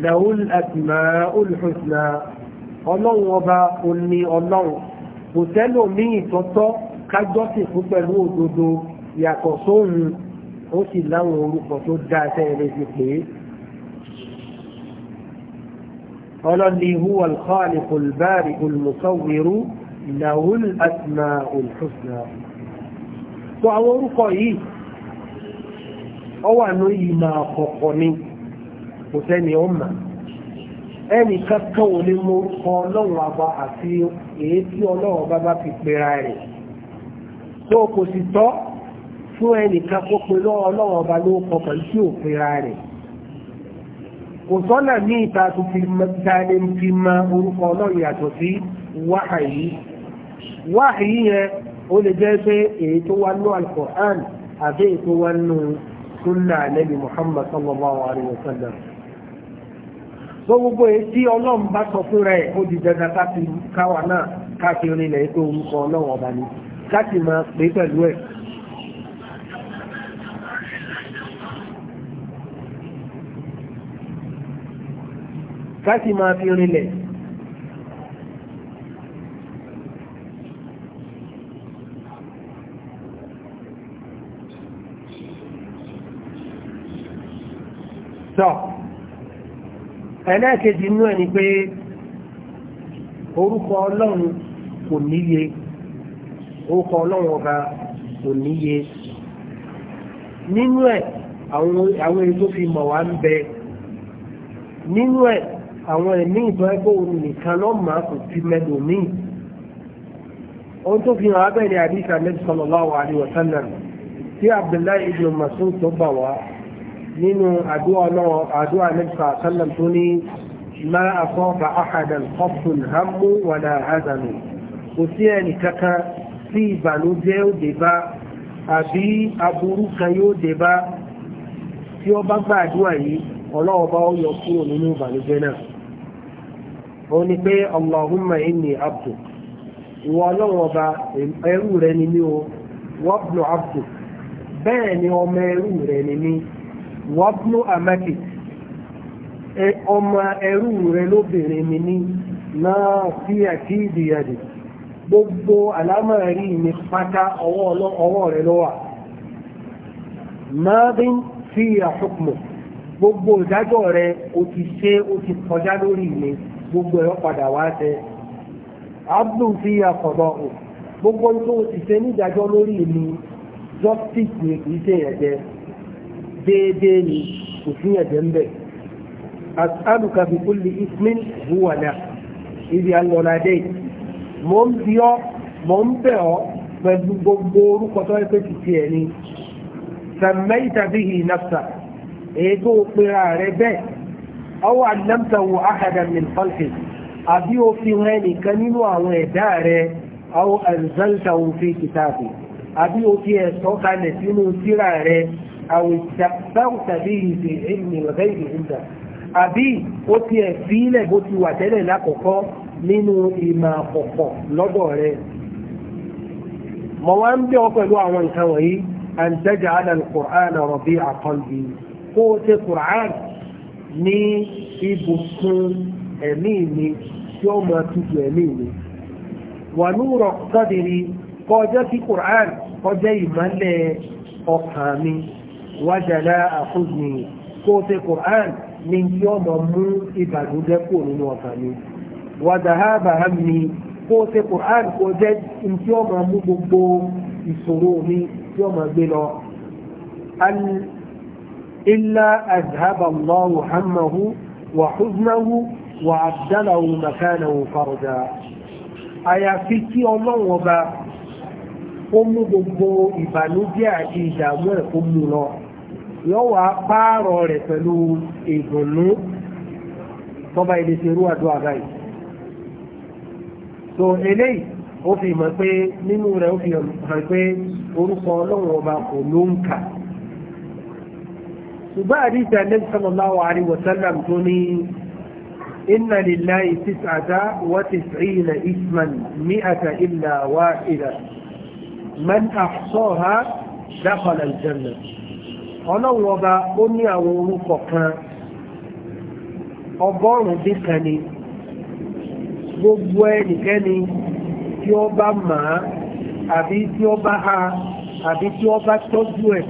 lahul asmaul husna ọlọ́run ọba òní ọlọ́run kò tẹ́lò ní ìtọ́tọ́ kájọ́sìn fún pẹ̀lú òdodo yàtọ̀ sóhun ó sì láwọn orúkọ tó dáa sẹ́yẹrẹ sí pé ọlọ́ni huwa al-khaliqul bari'ul musawwiru lahul asmaul husna so àwọn orúkọ yìí ọ wà ní ìmọ̀ àkọ́kọ́ ni kò sẹ́ni ó mà ẹnì kankan ò lè mọ orúkọ ọlọ́run àbá àti èyí tí ọlọ́run bá fi pera rẹ̀ tó kò sì tọ́ fún ẹnìkan kó pe ọlọ́run ọba ló kọ pẹ̀lú tí ò pera rẹ̀ kò sọ́nà ní ìta tó fi dáadé fi mọ orúkọ ọlọ́run yàtọ̀ sí wáhà yìí wáhà yìí yẹn ó lè jẹ́ pé èyí tó wá nú alukur'an èyí tó muhammad wa tó gbogbo èyí tí ọlọ́run bá sọ fún rẹ̀ ó di dandan káfí káwa náà káfí onílẹ̀ orúkọ ọlọ́run ọba ni láti máa pè pẹ̀lú ẹ̀. káfí máa fi rinlẹ̀ tọ́ na inú ẹ̀ ni pé orúkọ ọlọ́run kò níye orúkọ ọlọ́run ọba kò níye nínú ẹ̀ àwọn èyí tó fi mọ̀ wá ń bẹ nínú ẹ̀ àwọn ẹ̀mí ìtọ́ ẹgbẹ́ òun nìkan kò fi mẹ́lò ohun tó fi hàn abẹ́rẹ́ tí Abdullahi ibn tó bà wá nínú àdúrà náà àdúrà nípa sálàm tó ní máa àfọ́fà àhàdàn ọ̀fun hàmú wàlà àdànù kò sí ẹnì kankan tí ìbànújẹ́ ó dé bá àbí aburú kan yóò dé bá tí ó bá gba àdúrà yìí ọlọ́wọ́ bá ó yọ kúrò nínú ìbànújẹ́ náà ó ní pé allahumma inni abdu ìwọ ọlọ́wọ́ ọba rẹ ni mí o wọ́pùlù abdu bẹ́ẹ̀ ni ọmọ ẹrú rẹ ni mí. wọ́pnú àmàkì e, ọmọ eru rẹ lóbìnrin mi ní náà sí àti ìdíyàdì gbogbo àlámọ̀rí mi pátá ọwọ́ rẹ lọ́wà mọ́rin sí àṣùkùnmọ̀ gbogbo ìdájọ́ rẹ o ti ṣe o ti kọjá gbogbo ẹ̀rọ padà wá tẹ abdul fi o gbogbo tó ti ṣe nídàjọ́ lórí mi justice ni kì déédéé ni kò sí ẹ̀jẹ̀ ń bẹ̀. as'aluka bi kulli ismin huwa la ibi alọ́ládé mò ń bi ọ́ mò ń bẹ̀ ọ́ pẹ̀lú gbogbo orúkọ tó yẹ pé ti tiẹ̀ ni sàmẹ́yìtà bihi nafsa èyí tó pera rẹ bẹ́ẹ̀ ọwọ́ àdámtàwò ahadan min khalqik àbí òfin rẹ nìkan nínú àwọn ẹ̀dá rẹ ọwọ́ àdámtàwò fi kìtàbì àbí òfin ẹ̀sọ́ kalẹ̀ sínú síra rẹ أو استكثرت به في علم الغيب عندك àbí ó ti ẹ̀ fílẹ̀ bó ti wà tẹ́lẹ̀ lákọ̀ọ́kọ́ nínú ìmọ̀ àkọ́kọ́ lọ́dọ̀ rẹ̀ mọ̀ wá ń bẹ̀ ọ́ pẹ̀lú àwọn nǹkan wọ̀nyí an taj'ala al-Qur'ana rabi'a qalbi kó o ṣe Qur'an ní ibùsùn ẹ̀mí mi tí ó máa tutù ẹ̀mí mi wa nura sadri kọjá sí Qur'an kọjá ìmọ̀lẹ̀ ọkàn mi wájàlá àkójìnì kó ṣe Qur'an ní tí ó mọ̀ mú ìbàdújẹ́ kò nínú ọkàn mi wàdàhábà mi kó ṣe Qur'an kó jẹ́ tí ó mọ̀ mú gbogbo ìṣòro mi tí ó mọ̀ gbé lọ. إلا أذهب الله همه وحزنه وعبدله مكانه فرجا àyàfi kí ọlọ́run ọba ó mú gbogbo ìbànújẹ́ àti ìdààmú ẹ̀ mú lọ yóò wá pààrọ̀ rẹ̀ pẹ̀lú ìdùnnú tọ́ba ilé ṣe rú àdúrà báyìí so eléyìí ó fi mọ̀ pé nínú rẹ̀ ó fi hàn pé orúkọ ọlọ́run ọba kò ló ń kà ṣùgbọ́n àdìsí àlẹ́bí sallallahu alaihi wa sallam tó ní inna lillahi tis'ata wa tis'ina isman mi'ata illa wahida man ahsaha dakhala al-jannah ọlọ́run ọba ó ní àwọn orúkọ kan ọgọ́rùn-ún dín kan ni gbogbo ẹnikẹ́ni tí ó bá màá àbí tí ó bá ha àbí tí ó bá tọ́jú ẹ̀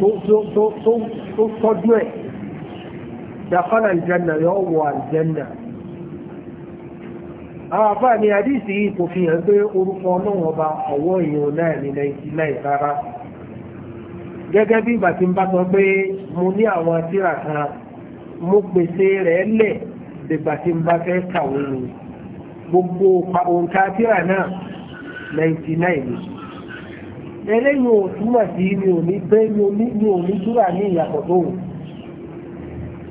tó tọ́jú ẹ̀ dàkọ́nà ìjẹ́nà yóò wọ àìjẹ́nà àwọn àbá ni àdìsí kò fi hàn pé orúkọ ọlọ́run ọba ọwọ́ náà ní 99 rárá gẹ́gẹ́ bí ìgbà tí ń bá sọ pé mo ní àwọn tíra kan mo pèsè rẹ̀ lẹ̀ dìgbà tí ń bá fẹ́ kàwé ni gbogbo òǹkà tíra náà 99 eléyìí ò túmọ̀ sí mi ò ní bẹ́ mi ò ní túra ní ìyàtọ̀ tó wù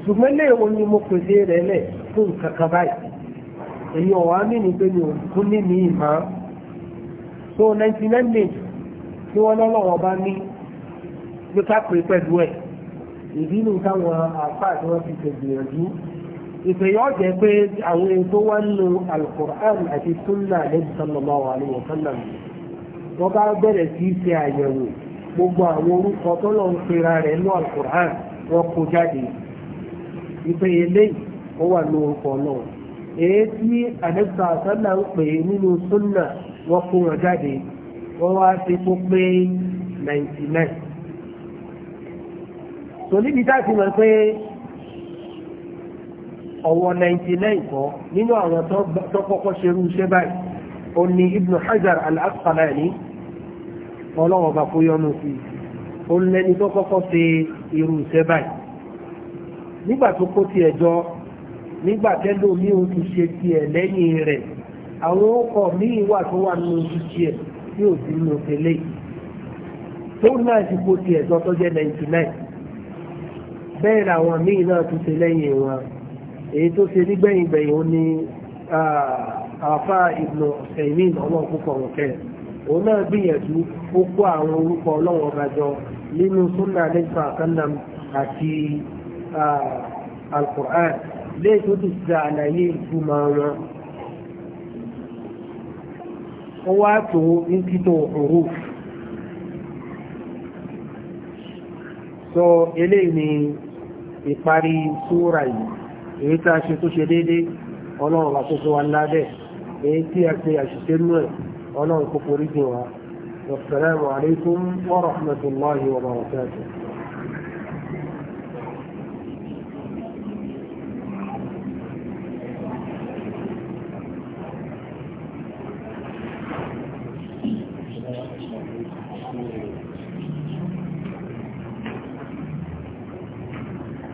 ṣùgbọ́n léèwọ̀ ni mo pèsè rẹ̀ lẹ̀ fún nǹkan báyìí èyí ọ̀wá mi ni pé mi ò tún ní mi ìmọ̀ so 99 names tí wọ́n lọ́lọ́wọ́ bá ní pé ká pè pẹ̀lú ẹ̀ ìdínú táwọn àfáà tí wọ́n fi gbìyànjú ìpè yóò jẹ́ pé àwọn ohun tó wá nínú alukur'an àti sunna lẹ́yìn sallallahu alaihi wa sallam wọ́n bá bẹ̀rẹ̀ sí í ṣe àyẹ̀wò gbogbo àwọn orúkọ tó lọ ń pera rẹ̀ nínú alukur'an wọ́n kó jáde ìpè eléyìí ó wà ní orúkọ náà èyí tí àdẹ́gbà sọ́nà ń pè nínú sunna wọ́n kó wọn jáde wọ́n wá sí pé 99 tò níbi tá a ti mọ̀ pé ọ̀wọ́ 99 kọ́ nínú àwọn tó kọ́kọ́ ṣerú iṣẹ́ báyìí ó ní Ibn Hajar al-Asqalani ọlọ́wọ́ bá kó yọnu sí ó lẹ́ni tó kọ́kọ́ ṣe irú iṣẹ́ báyìí nígbà tó kó tiẹ̀ jọ nígbà tẹ́lò mi ò ti ṣe àwọn ọkọ̀ míì wà tó wà nínú tiẹ̀ tí ò sí nínú tẹ́lẹ̀ tó náà ti kó tiẹ̀ jọ tó jẹ́ 99 bẹ́ẹ̀ làwọn míì náà tún ṣe lẹ́yìn wọn èyí tó ṣe nígbẹ̀yìn gbẹ̀yìn ó ní àfá ìbùnà ẹ̀mìn ọlọ́run púpọ̀ rọ̀kẹ́ òun náà gbìyànjú ó kó àwọn orúkọ ọlọ́run ọba jọ nínú súnà lẹ́sà kanam àti alkur'an léyìí tó ti ṣe àlàyé ìtumọ̀ wọn ó wá tó ní títò òru sọ eléyìí ni ìparí súra yìí èyí tí a ṣe tó ṣe déédé ọlọ́run bá kókó wa ládẹ̀ èyí tí a ṣe àṣìṣe nú ẹ̀ ọlọ́run kókó rí jìn wa wassalamu alaikum wa rahmatullahi wa